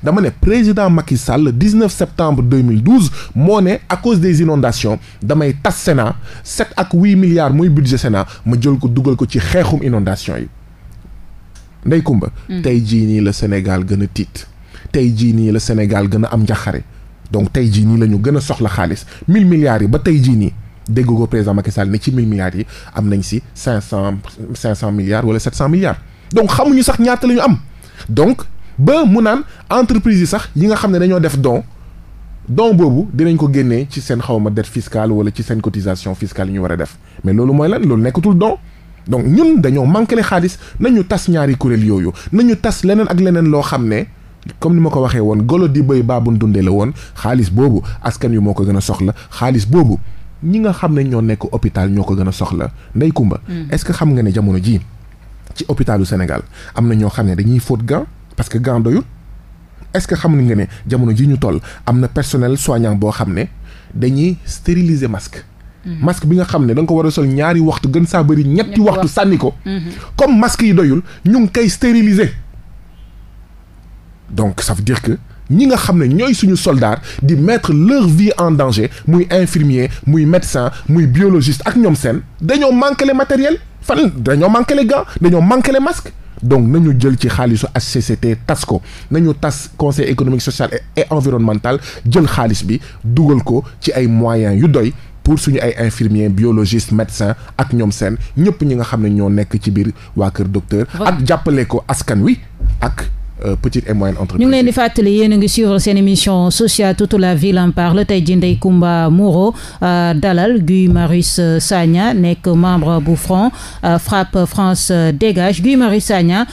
dama ne président Macky Sall le 19 septembre 2012 moo ne à cause des inondations damay tas Sénat 7 ak 8 milliards muy budget sena ma jël ko dugal ko ci xeexum inondation yi. ndey kumba mm. tey jii nii la Sénégal gën a tiit. tey jii nii la Sénégal gën a am njaxare donc tey jii nii la ñu gën a soxla xaalis 1000 milliards yi ba tey jii nii. dégg ko président Macky Sall ci mille yi am nañ si cinq cent cinq cent milliards wala sept cent milliards donc xamuñu sax ñaata la ñu am donc ba mu naan entreprise yi sax yi nga xam ne dañoo def don don boobu dinañ ko génnee ci seen xawma dette fiscale wala ci seen cotisation fiscale yi war a def mais loolu mooy lan loolu nekkatul don donc ñun dañoo manqué le xaalis nañu tas ñaari kuréel yooyu nañu tas leneen ak leneen loo xam ne comme ni ma ko waxee woon golo di béy baabun dundee la woon xaalis boobu askan wi moo ko gën a soxla xaalis boobu ñi nga xam ne ñoo nekk hôpital ñoo ko gën a soxla ndey kumba mm. est-ce que xam nga ne jamono ji ci hôpitalu Sénégal am na ñoo xam ne dañuy fóot gant parce que gant doyul est-ce que xam nga ne jamono ji ñu toll am na personnel soignant boo xam ne dañuy stériliser masque mm. masque bi nga xam ne da nga ko war a sol ñaari waxtu gën saa bëri ñetti waxtu sànni ko mm-hmm. comme masque yi doyul ñu ngi koy stériliser donc ça veut dire que ñi nga xam ne ñooy suñu soldat di mettre leur vie en danger muy infirmier muy médecin muy biologiste ak ñoom seen dañoo manqué les matériels fan dañoo manqué les dañoo manqué les masques donc nañu jël ci xaalisu HCCT tas ko nañu tas conseil économique social et environnementale jël xaalis bi dugal ko ci ay moyens yu doy pour suñu ay infirmiers biologistes médecins ak ñoom seen ñëpp ñi nga xam ne ñoo nekk ci biir waa Kër Docteur. ak jàppale ko askan wi ak. Euh, petite et moyenne entreprise. ñu ngi leen di fàttali yéen ngi suivre seen émission sociale toute la ville en parle tey jii Ndeye Comba euh, dalal Guy Marius euh, Sagna nekk membre bu Front FRAPP France dégage Guy Marius Sagna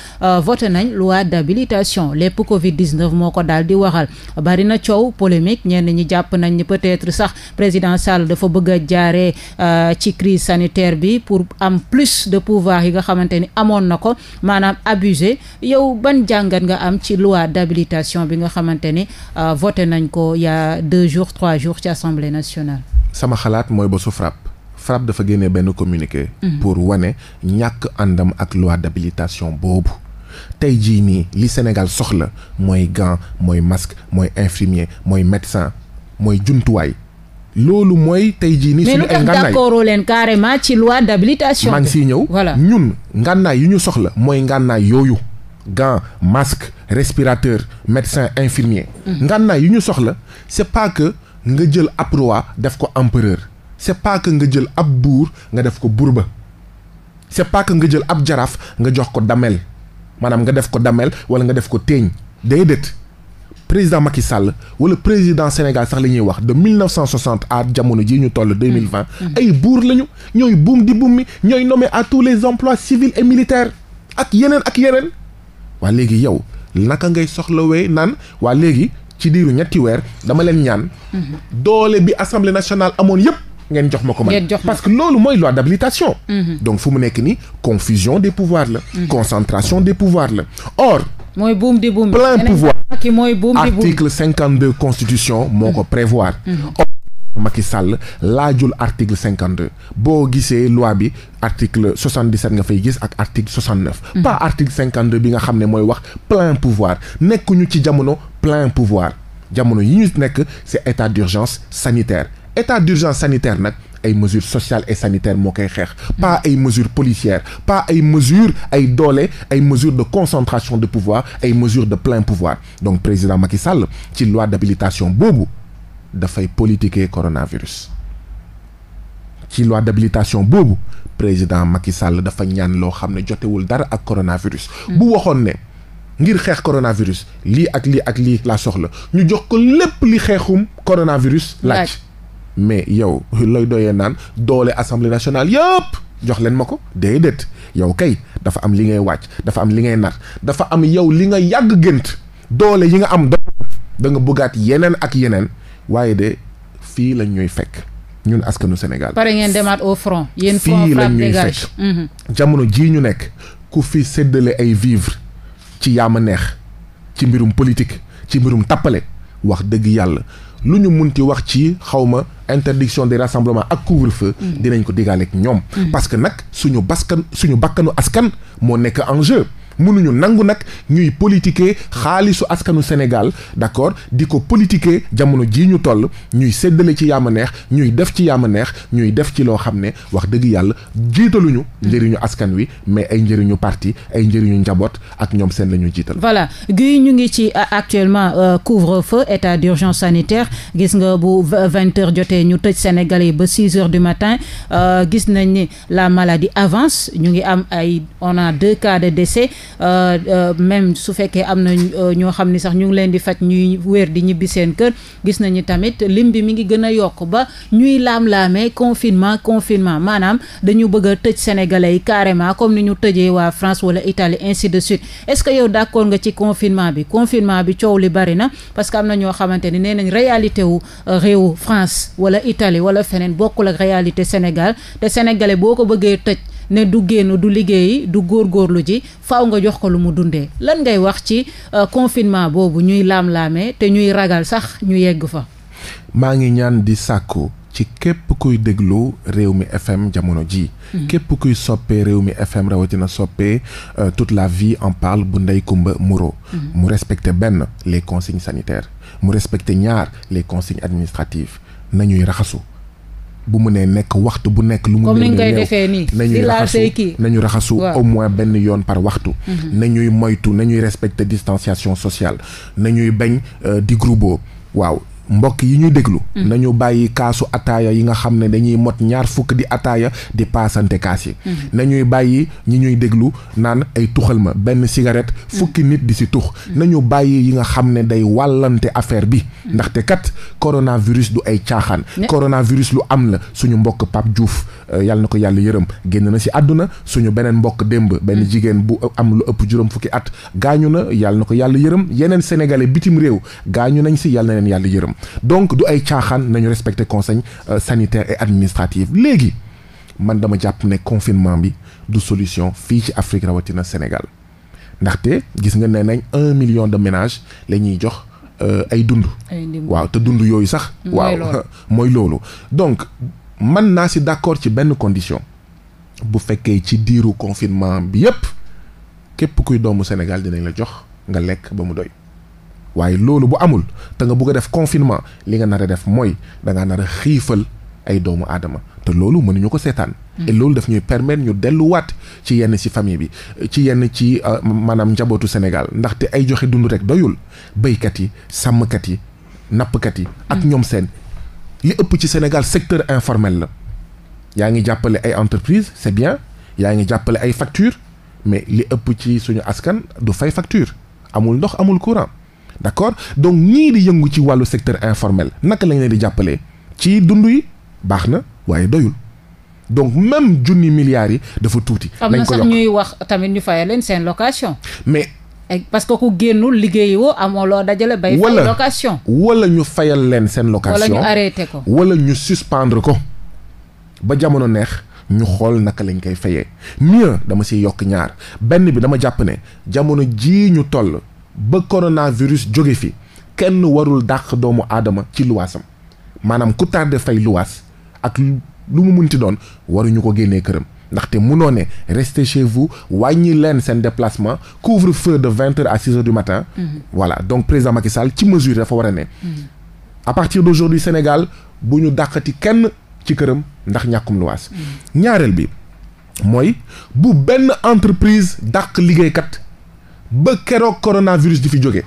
voté nañ loi d'habilitation lépp Covid 19 moo ko daal di waxal bari na coow polémique ñenn ñi jàpp nañ ni peut-être sax président Sall dafa bëgg a jaaree ci crise sanitaire bi pour en plus de pouvoir yi nga xamante ni amoon na ko maanaam abusé yow ban jàngat nga. am ci loi d'habilitation bi nga xamante ne euh, voté nañ ko il y a deux jours trois jours ci assemblée nationale. sama xalaat mooy ba su frappe frappe dafa génnee benn communiqué. Mhm. pour wane ñàkk àndam ak loi d'habilitation boobu. tey jii nii li Sénégal soxla mooy gan mooy masque mooy infirmier mooy médecin mooy juntuwaay loolu mooy tey jii nii. suñu ay ngànnaay leen carrément ci loi d'habilitation. maa ngi siy ñëw voilà ñun ngànnaay yu ñu soxla mooy ngànnaay yooyu. gants masque respirateur médecin infirmier mhm. ngànnaay yu ñu soxla c'est pas que nga jël ab roi def ko empereur c'est pas que nga jël ab buur nga def ko burba c'est pas que nga jël ab jaraaf nga jox ko damel maanaam nga def ko damel wala nga def ko téeñ déedéet président Macky Sall wala président Sénégal sax li ñuy wax de 1960 à jamono ji ñu toll 2020. Mhm. Mhm. ay buur lañu ñooy buum di buum mi ñooy nommé à tous les emplois civils et militaires ak yeneen ak yeneen. waa léegi yow naka ngay soxlawee naan waa léegi ci diiru ñetti weer dama leen ñaan. Mhm. doole bi assemblée nationale amoon yëpp. ngeen jox ma ko man parce que loolu mooy loi d'habilitation. Mhm. donc fu mu nekk nii confusion de pouvoirs la. Mhm. concentration des pouvoirs la or. mooy buum di buum plein pouvoir. article cinquante deux constitution moo ko prévoir. Macky Sall laajul article cinquante deux boo gisee loi bi article soixante dix sept nga fay gis ak article soixante neuf. Mhm. pas article cinquante bi nga xam ne mooy wax plein pouvoir nekkuñu ci jamono plein pouvoir jamono yi ñu nekk c'est état d'urgence sanitaire état d'urgence sanitaire nag. ay mesures sociales et sanitaire moo koy xeex pa mhm. ay mesures policières pas ay mesures ay doole ay mesures de concentration de pouvoir ay mesures de plein pouvoir donc président Macky Sall ci loi d'habilitation boobu dafay politiquer coronavirus ci de d'habilitation boobu président Macky Sall dafa ñaan loo xam ne jotewul dara ak coronavirus. Hmm. bu waxoon ne ngir xeex coronavirus lii ak lii ak lii laa soxla ñu jox ko lépp li xeexum coronavirus. laaj mais yow looy doyee naan doole assemblée nationale yëpp jox leen ma ko déedéet yow kay dafa am li ngay wàcc dafa am li ngay nar dafa am yow li nga yàgg gént doole yi nga am da nga bëggaat yeneen ak yeneen. waaye de fii lañ ñuy fekk ñun askanu Sénégal. pare ngeen demaat au front. yéen fii lañ ñuy fekk. Mhm. jamono jii ñu nekk ku fi séddale ay vivre ci yaama neex ci mbirum politique ci mbirum tappale wax dëgg yàlla lu ñu munti wax ci xawma interdiction des rassemblements ak couvre-feu. Mhm. dinañ ko digaaleeg ñoom. Mhm. parce que nag suñu baskan suñu bakkanu askan moo nekk en mënuñu nangu nag ñuy politiquer xaalisu askanu Sénégal d'accord di ko politiquer jamono jii ñu toll ñuy séddale ci yaama neex ñuy def ci yaama neex ñuy def ci loo xam ne wax dëgg yàlla jiitaluñu njëriñu askan wi mais ay njëriñu parti ay njëriñu njaboot ak ñoom seen la ñu jiital. voilà guy ñu ngi ci euh, actuellement euh, couvre-feu état d'urgence sanitaire gis nga bu vingt jotee ñu tëj Sénégal yi ba six heures du matin euh, gis nañ ni la maladie avance ñu ngi am ay on a deux Euh, euh, même su fekkee am na euh, ñoo xam ni sax ñu ngi leen di faj ñuy weer di ñibbi seen kër gis nañu tamit lim bi mu ngi gën a yokk ba ñuy laam-laamee confinement confinement maanaam dañu bëgg a tëj sénégalais yi carément comme ni ñu tëjee waa France wala Italie ainsi de suite est que yow d'accord nga ci confinement bi confinement bi coow li bari na parce que am na ñoo xamante ni nee nañ réalité wu réew France wala Italie wala feneen bokkul ak réalité Sénégal te ne du génn du liggéey du góor góorlu ji faw nga jox ko lu mu dundee lan ngay wax ci euh, confinement boobu ñuy laam-laamee te ñuy ragal sax ñu yegg fa maa ngi ñaan di sàkku ci képp kuy déglu réew mi fm jamono ji hmm. képp kuy soppee réew mi fm rawatina soppee euh, tout la vie en parle bu ndey kumba muro hmm. mu respecté benn les consignes sanitaire mu respecté ñaar les consignes administratives nañuy raxasu bu mënee nekk waxtu bu nekk. lu mu néew néew na raxasu nañu raxasu au moins benn yoon par waxtu. Mhm. ñuy moytu nañuy respecter distanciation sociale nañuy bañ euh, di groupe waaw. mbokk yi ñuy déglu mm. nañu bàyyi kaasu ataaya yi nga xam ne dañuy mot ñaar fukk di ataaya di paasante kaas yi mm. nañuy bàyyi ñi ñuy déglu naan ay tuxal ma benn cigarette mm. fukki nit di si tux nañu bàyyi yi nga xam ne day wàllante affaire bi ndaxte kat coronavirus du ay caaxaan coronavirus lu am la suñu mbokk Pape Diouf euh, yàlla na ko yàlla yërëm génn na si àdduna suñu beneen mbokk démb benn jigéen bu am lu ëpp juróom fukki at gaañu na yàlla na ko yàlla yërëm yeneen sénégalais bitim réew gaañu nañ si yàlla na yàlla yërëm donc du ay caaxaan nañu respecter conseil euh, sanitaire et administratif léegi man dama jàpp ne confinement bi du solution fii ci Afrique rawatina Sénégal ndaxte gis nga ne nañ un million de ménage la ñuy jox euh, ay dund waaw te dund yooyu sax waaw mooy loolu donc man naa si d'accord ci benn condition bu fekkee ci diiru confinement bi yépp képp kuy doomu Sénégal dinañ la jox nga lekk ba mu doy waaye loolu bu amul te nga bugg a def confinement li nga nar a def mooy da ngaa nar a xiifal ay doomu aadama te loolu mënuñu ko seetaan. Mm. et loolu daf ñuy permettre ñu delluwaat ci yenn ci famille bi ci yenn ci euh, maanaam njabootu Sénégal ndaxte ay joxe dundu rek doyul béykat yi sàmmkat yi nappkat yi. ak mm. ñoom seen li ëpp ci Sénégal secteur informel la. yaa ngi jàppale ay entreprise c'est bien yaa ngi jàppale ay facture mais li ëpp ci suñu askan du fay facture amul ndox amul courant. d'accord donc ñii di yëngu ci wàllu secteur informel naka lañ leen di jàppalee ci dund yi baax na waaye doyul donc même junni milliards yi dafa tuuti. nañ ko yokk ñuy wax tamit ñu fayal leen seen location. mais parce que ku génnul liggéeyi woo amoo loo dajale. bay fay location wala ñu fayal leen seen. location wala ñu arrêté ko. wala ñu suspendre ko ba jamono neex. ñu xool naka lañ koy fayee mieux dama siy yokk ñaar benn bi dama jàpp ne jamono jii ñu toll ba coronavirus jóge fi kenn warul dàq doomu aadama ci luwaasam maanaam ku tardé fay luwaas ak lu mu munti doon waruñu ko génnee këram ndaxte munoo ne restez chez vous wàññi leen seen déplacement couvre feu de vingt heures à six heures du matin. Mm -hmm. voilà donc président Macky Sall ci mesure dafa war a ne. Mm-hmm. à partir d'aujourd'hui Sénégal bu ñu dàqati kenn ci këram ndax ñàkkum luwaas. Mm-hmm. ñaareel bi mooy bu benn entreprise dàq liggéeykat. ba keroog coronavirus di fi jóge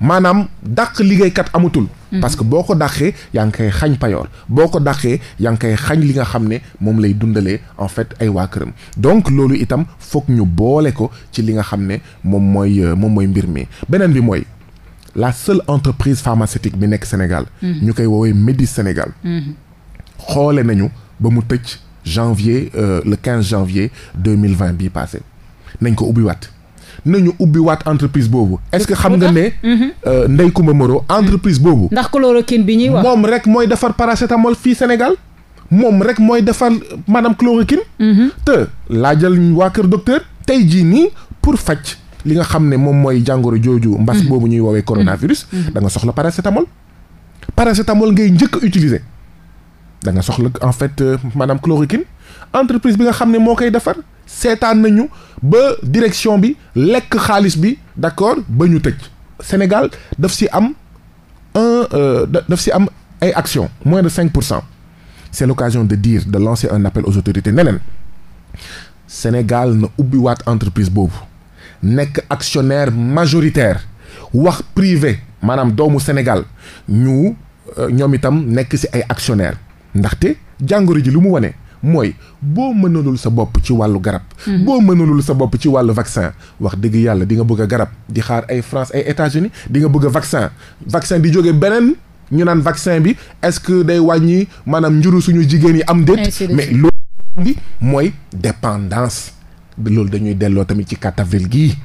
maanaam dàq liggéeykat amatul. Mm-hmm. parce que boo ko dàqee yaa ngi koy xañ payoor boo ko dàqee yaa ngi koy xañ li nga xam ne moom lay dundalee en fait ay waa këram donc loolu itam foog ñu boole ko ci li nga xam ne moom mooy euh, moom mooy mbir mi beneen bi mooy la seule entreprise pharmaceutique bi nekk Sénégal. Mm-hmm. ñu koy woowee Médis Sénégal. Mm-hmm. xoole nañu ba mu tëj janvier euh, le 15 janvier 2020 bii passé nañ ko ubbiwaat. nañu ubbi waat entreprise boobu. est-ce que xam nga ne. Euh, Ndeye Kumba Moro entreprise boobu. ndax chloroquine bi ñuy wax. moom rek mooy defar paracétamol fii Sénégal. moom rek mooy defar maanaam chloroquine. Mhm. te laajal waa kër docteur. tey jii nii pour faj. li nga xam ne moom mooy jàngoro jooju. mbas mhm. boobu ñuy woowee coronavirus. Mhm. da nga soxla paracétamol. paracétamol ngay njëkk utiliser. da nga soxla en fait euh, maanaam chloroquine entreprise bi nga xam ne moo koy defar. seetaan nañu ba direction bi lekk xaalis bi d'accord ba ñu tëj Sénégal daf si am un euh, daf si am ay action moins de cinq pour cent c'est l'occasion de dire de lancer un appel aux neneen Sénégal na ubbi waat entreprise boobu nekk actionnaire majoritaire wax privé maanaam doomu Sénégal ñu euh, ñoom itam nekk si ay actionnaire ndaxte jàngoro ji li mu wane mooy boo mënalul sa bopp ci wàllu garab. Mm-hmm. boo mënalul sa bopp ci wàllu vaccin wax dëgg yàlla dinga nga bëgg a garab di xaar ay France ay États-Unis di nga bëgg a vaccin vaccin di jóge beneen. ñu naan vaccin bi est-ce que day wàññi maanaam njuru suñu jigéen yi am déet mais loolu bi mooy dépendance loolu dañuy delloo tamit ci 4 avril gii.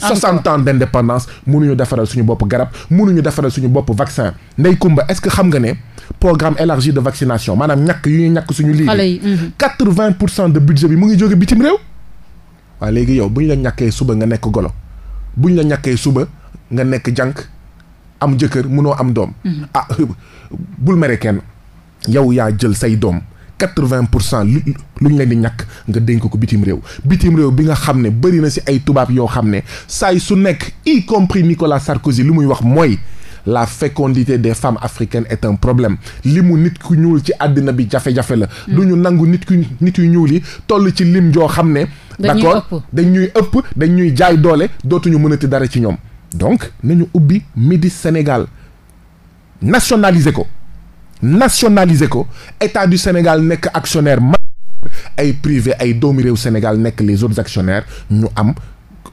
60 hmm, ans d' indépendance mënuñu defaral suñu bopp garab mënuñu defaral suñu bopp vaccin ndey Kumba est ce que xam nga ne programme élargi de vaccination maanaam ñàkk yu ñuy ñàkk suñu. lii 80 hmm. pour cent de budget mu ngi jóge bitim réew. waaw léegi yow bu ñu la ñàkkee suba nga nekk golo bu ñu la ñàkkee suba nga nekk jànk am jëkkër mënoo am doom. Hmm. ah bul mere kenn yow yaa jël say doom. quatre-vingt pour cent lu lu ñu leen di ñàkk nga dénk ko bitim réew bitim réew bi nga xam ne bëri na si ay tubaab yoo xam ne saay su nekk y compris Nicolas Sarkozy li muy wax mooy la fécondité des femmes africaines et un problème li mu nit ku ñuul ci àddina bi jafe-jafe la hmm. du ñu nangu nit ku nit yu ñuul yi toll ci lim joo xam ne d'accord dañuy ëpp dañuy jaay doole dootuñu mënati dara ci ñoom donc nañu ubbi Midi Sénégal nationaliser ko nationaliser ko état du Sénégal nekk actionnaire ma ay privé ay doomi réew Sénégal nekk les autres actionnaires ñu am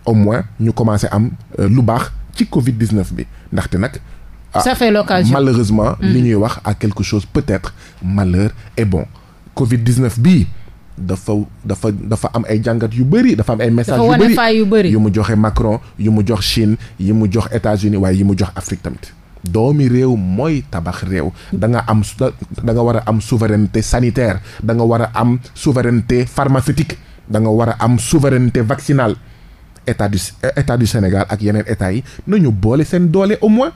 au moins ñu commencé am euh, lu baax ci Covid 19 bi ndaxte nag. Ah, ça fait l'occasion malheureusement. Mm. li ñuy wax ak quelque chose peut-être malheur et bon Covid 19 bii. dafa dafa dafa am ay jàngat yu bëri dafa am ay message yu bëri yu mu joxe Macron yu mu jox Chine yi mu jox États-Unis waaye yi mu jox Afrique tamit doomi réew mooy tabax réew da nga am da nga war a am souveraineté sanitaire da nga war a am souveraineté pharmaceutique da nga war a am souveraineté vaccinale état du état du Sénégal ak yeneen état yi nañu boole seen doole au moins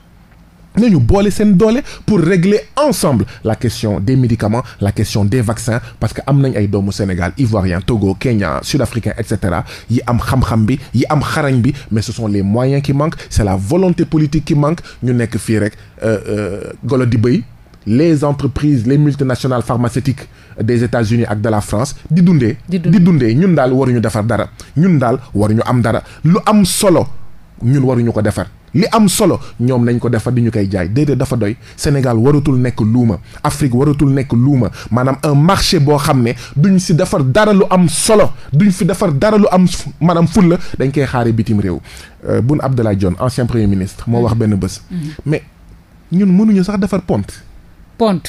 nañu boole seen doole pour régler ensemble la question des médicaments la question des vaccins parce que am nañ ay doomu Sénégal Ivoirien Togo Kenya Sud-Africain et cetera yi am xam-xam bi yi am xarañ bi mais ce sont les moyens qui manquent c'est la volonté politique qui manque ñu nekk fii rek euh, euh, golo di bëy les entreprises les multinationales pharmaceutiques des États-Unis ak de la France di dundee di dundee ñun daal waruñu defar dara ñun daal waruñu am dara lu am solo ñun waruñu ko defar li am solo ñoom nañ ko defa di ñu koy jaay déedéet dafa doy Sénégal waratul nekk luuma Afrique waratul nekk luuma maanaam un marché boo xam ne duñ si defar dara lu am solo duñ fi defar dara lu am maanaam fulla dañ koy xaare bitim réew euh, Boun Abdallah Dionne ancien premier ministre moo wax mm-hmm. benn bés mm-hmm. mais ñun mënuñu sax defar pont pont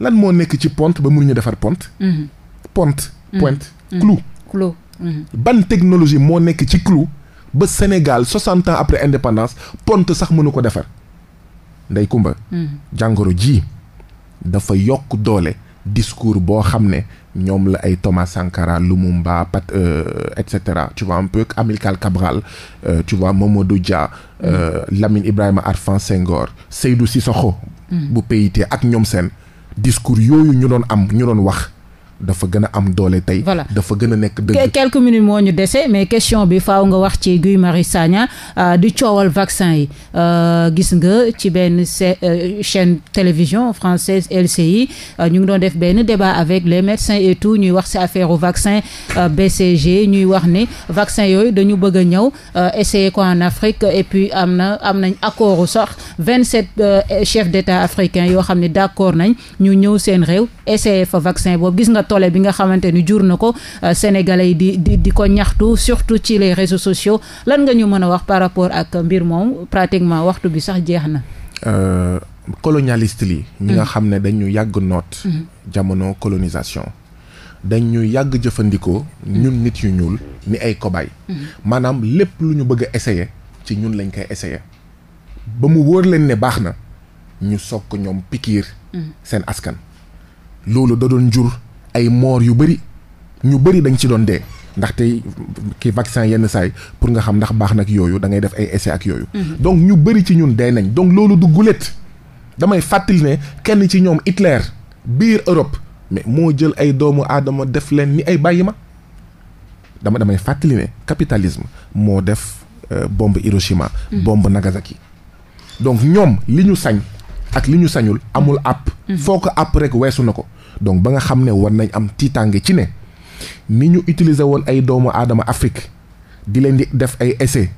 lan moo nekk ci pont ba mënuñu defar pont mm-hmm. pont pointe clou ban technologie moo nekk ci clou ba Sénégal 60 ans après indépendance ponte sax mënu ko defar ndey kumba hmm. jàngoro ji dafa yokk doole discours boo xam ne ñoom la ay Thomas Sankara Lumumba Pat euh, et cetera tu vois un peu Amilcar Cabral euh, tu vois Mamadou Dia euh, hmm. Lamine Ibrahima Arfan Senghor Seydou Sissoko hmm. bu PIT ak ñoom seen discours yooyu ñu doon am ñu doon wax dafa gën a am doole tey. voilà dafa gën a nekk moo ñu dese mais question bi faaw nga wax ci Guy Marius Sagna euh, di coowal vaccin yi euh, gis nga ci benn euh, chaîne télévision française LCI ñu ngi doon def benn débat avec les médecins et tout ñuy wax si affaire au vaccin BCG ñuy wax ne vaccin yooyu dañu bëgg a ñëw essayer ko en Afrique et puis am na am nañ accord sax vingt sept chefs d'État africain yoo xam ne d'accord nañ ñu ñëw seen réew essayer fa vaccin boobu gis nga. tole bi nga xamante ni jur na ko euh, sénégalais yi di di di ko ñaxtu surtout ci les réseaux sociaux lan nga ñu mën a wax par rapport ak mbir moom pratiquement waxtu bi sax jeex na. Euh, colonialiste li ñi nga xam ne dañu yàgg noot. jamono colonisation. dañu yàgg jëfandikoo. ñun nit yu ñuul ni ay cobaye. maanaam lépp lu ñu bëgg a ci ñun lañ koy essayer. ba mu wóor leen ne baax na ñu soog ko ñoom pikiir. seen askan. loolu da doon jur ay moor yu bëri ñu bëri dañ ci doon dee ndaxte tey ki vaccin yenn saay pour nga xam ndax baax nag yooyu dangay def ay essai ak yooyu mhm. donc ñu bëri ci ñun dee nañ donc loolu du gulet damay fàttali ne kenn ci ñoom Hitler biir Europe mais moo jël ay doomu aadama def leen ni ay bàyyi ma dama damay fàttali ne capitalisme moo def euh, bombe Hiroshima mhm. bombe Nagasaki donc ñoom li ñu sañ ak li ñu sañul amul àpp mhm. foo ko àpp rek weesu na ko donc ba nga xam ne war nañ am tiitaange ci ne ni ñu utiliser woon ay doomu aadama Afrique di leen di def ay essai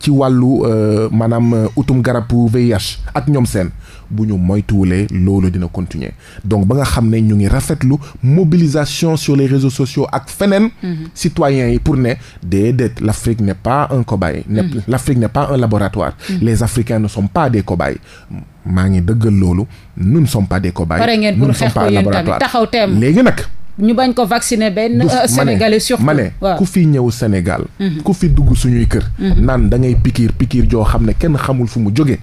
ci wàllu euh, maanaam euh, utum garabu VIH ak ñoom seen bu ñu moytuwulee loolu dina continuer donc ba nga xam ne ñu ngi rafetlu mobilisation sur les réseaux sociaux ak feneen. Mhm. citoyens yi pour ne déedéet l' Afrique n' est pas un cobaye. ne l' n' est pas un laboratoire. Mhm. les Africains ne sont pas des cobayes. maa ngi dëggal loolu nous ne sommes pas des cobayes. nous ne sommes pas taxaw laboratoire léegi nag. ñu bañ ko vacciner benn. Euh, sénégalais surtout ma ne ku fi ñëw Sénégal. Mhm. ku fi dugg suñuy kër. Mhm. naan dangay ngay pikiir pikiir joo xam ne kenn xamul fu mu jógee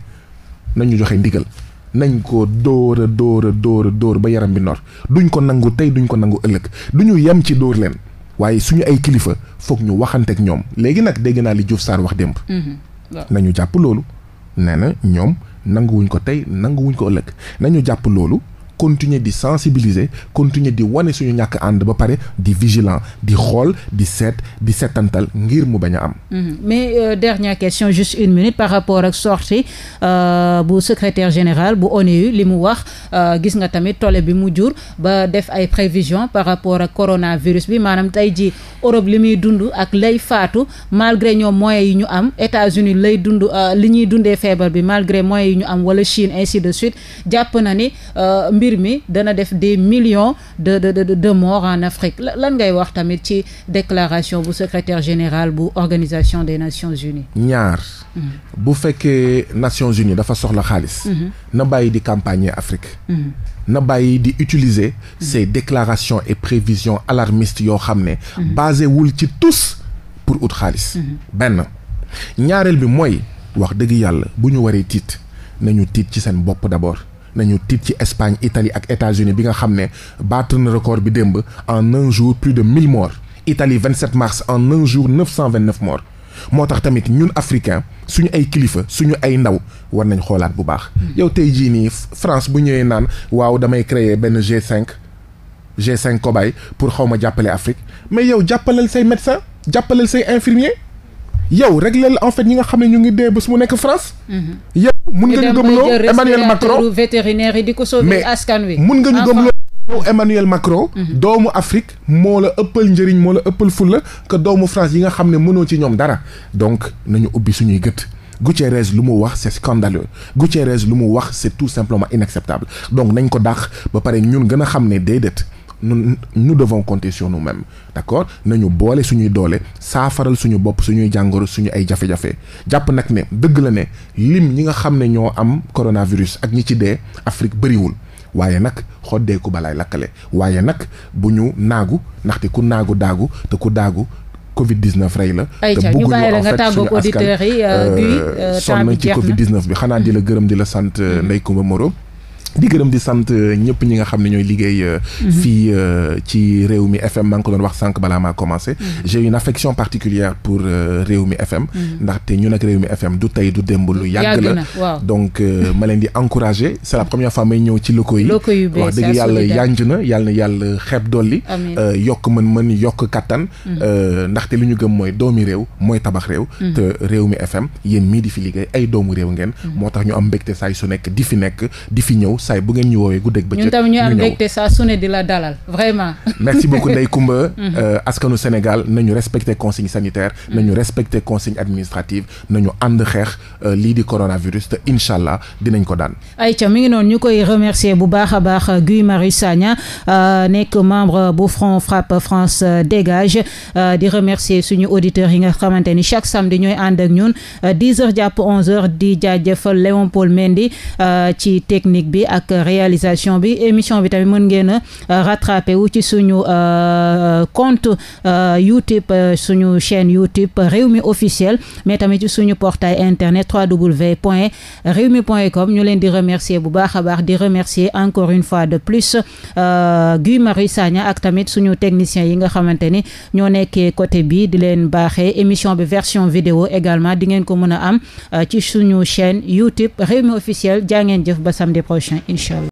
nañu joxe ndigal. nañ ko dóor a dóor a dóor ba yaram bi nor duñ ko nangu tey duñ ko nangu ëllëg duñu yem ci dóor leen waaye suñu ay kilifa foog ñu waxante ak ñoom léegi nag dégg naa li Diouf saar wax démb. Mhm. nañu jàpp loolu nee na ñoom nanguwuñ ko tey nanguwuñ ko ëllëg nañu jàpp loolu continuer di sensibiliser continuer di wane suñu ñàkk ànd ba pare di vigilant di xool di seet di seetantal ngir mu bañ am. Mhm. mais euh, dernière question juste une minute par rapport ak sortie euh, bu secrétaire général bu ONU e li mu wax euh, gis nga tamit tole bi mu jur ba def ay prévision par rapport ak coronavirus bi maanaam tey jii Europe li muy dund ak lay faatu malgré ñoom moyens yi ñu am États-Unis lay dund euh, li ñuy dundee feebar bi malgré moyens yi ñu am wala Chine mbir mi dana def des millions de de de de morts en Afrique lan ngay wax tamit ci déclaration bu secrétaire général bu organisation des Nations Unies. ñaar. Mm-hmm. bu fekkee Nations Unies dafa soxla xaalis. Mm-hmm. na bàyyi di campagne Afrique. Mm-hmm. na bàyyi di utiliser. ces déclarations et prévisions alarmistes yoo xam ne. basé wul ci tous pour out xaalis. benn ñaareel bi mooy wax dëgg yàlla bu ñu waree tiit nañu tiit ci seen bopp d'abord. nañu tiit ci Espagne Italie ak États-Unis bi nga xam ne battre na record bi démb en un jour plus de 1000 morts Italie 27 mars en un jour 929 morts moo tax tamit ñun africain suñu ay kilifa suñu ay ndaw war nañ xoolaat bu baax. yow tey jii nii France bu ñëwee naan waaw damay créer benn G5 G5 cobaye pour xaw ma jàppale Afrique mais yow jàppalal say médecin jàppalal say infirmier yow réglé en fait ñi nga xam ne ñu ngi dee bés mu nekk France. Mm-hmm. yow mun nga ñu gëmloo Emmanuel Macron vétérinaire yi di ko sauver askan wi mun nga ñu gëmloo yow Emmanuel Macron. Mm-hmm. doomu Afrique moo la ëppal njëriñ moo la ëppal fulla que doomu France yi nga xam ne mënoo ci ñoom dara donc nañu ubbi suñuy gët. Guterres lu mu wax c'est scandaleux Guterres lu mu wax c'est tout simplement inacceptable donc nañ ko dàq ba pare ñun gën a xam ne déedéet. nu nous devons compter sur nous-mêmes d'accord nañu boole suñuy doole saafaral suñu bopp suñuy jàngoro suñu ay jafe-jafe jàpp nag ne dëgg la ne lim ñi nga xam ne ñoo am coronavirus ak ñi ci dee Afrique bëriwul waaye nag xoddeeku balaay lakkale waaye nag bu ñu naagu ndaxte ku naagu daagu te ku daagu covid 19 rey la te bugg ñu nga tàggoog auditeurs yi euh, euh, euh, sonn ci covid 19 bi xanaa di la gërëm di la sant mm-hmm. Ndeye Comba moro di gërëm di sant euh, ñëpp ñi nga xam ne ñooy liggéey. Euh, mhm. fii euh, ci réew mi FM man ko doon wax sànq balaa ma commencé. Mhm. j'ai une affection particulière pour réew mi FM. Mhm. ndaxte ñun ak réew mi FM du tey du démb lu yàgg la donc ma leen di encourager c'est la première fois may ñëw ci loko yi. wax dëgg yàlla yanj na yàlla na yàlla xeeb dolli. yokk mën-mën yokk kattan. ndaxte li ñu gëm mooy doomi réew mooy tabax réew. te réew mi FM yéen mii di fi liggéey ay doomu réew ngeen. moo tax ñu am mbégte saay su nekk di fi nekk di fi ñëw saay bu ngeen ñu woowee guddeeg bëccëg ñun tam ñu am mbégte saa su ne di la dalal vraiment. merci beaucoup Ndeye Comba. Mhm. Euh, askanu Sénégal nañu respecté consigne sanitaire. Mhm. nañu respecté consigne administrative nañu ànd xeex euh, lii di coronavirus te incha allah dinañ ko daan. ayca mi ngi noonu ñu koy remercier bu baax a baax euh, Guy Marius Sagna nekk membre bu Front Frapp France Dégage di remercier suñu auditeurs yi nga xamante ni chaque samedi ñooy ànd ak ñun 10h jàpp 11h di jaajëfal Léon Paul Mendy ci technique bi. ak réalisation bi émission bi tamit mën ngeen a euh, rattrapé wu ci suñu euh, euh, compte YouTube suñu chaîne YouTube Rewmi officiel mais tamit ci suñu portail internet www.rewmi.com ñu leen di remercier bu baax a baax di remercier une fois de plus Guy Marie Sagna ak tamit suñu technicien yi nga xamante ni ñoo nekkee côté bi di leen baaxee émission bi version vidéo également di ngeen ko mën a am ci suñu chaîne YouTube Rewmi officiel jaa ngeen jëf ba samedi prochain incha allah.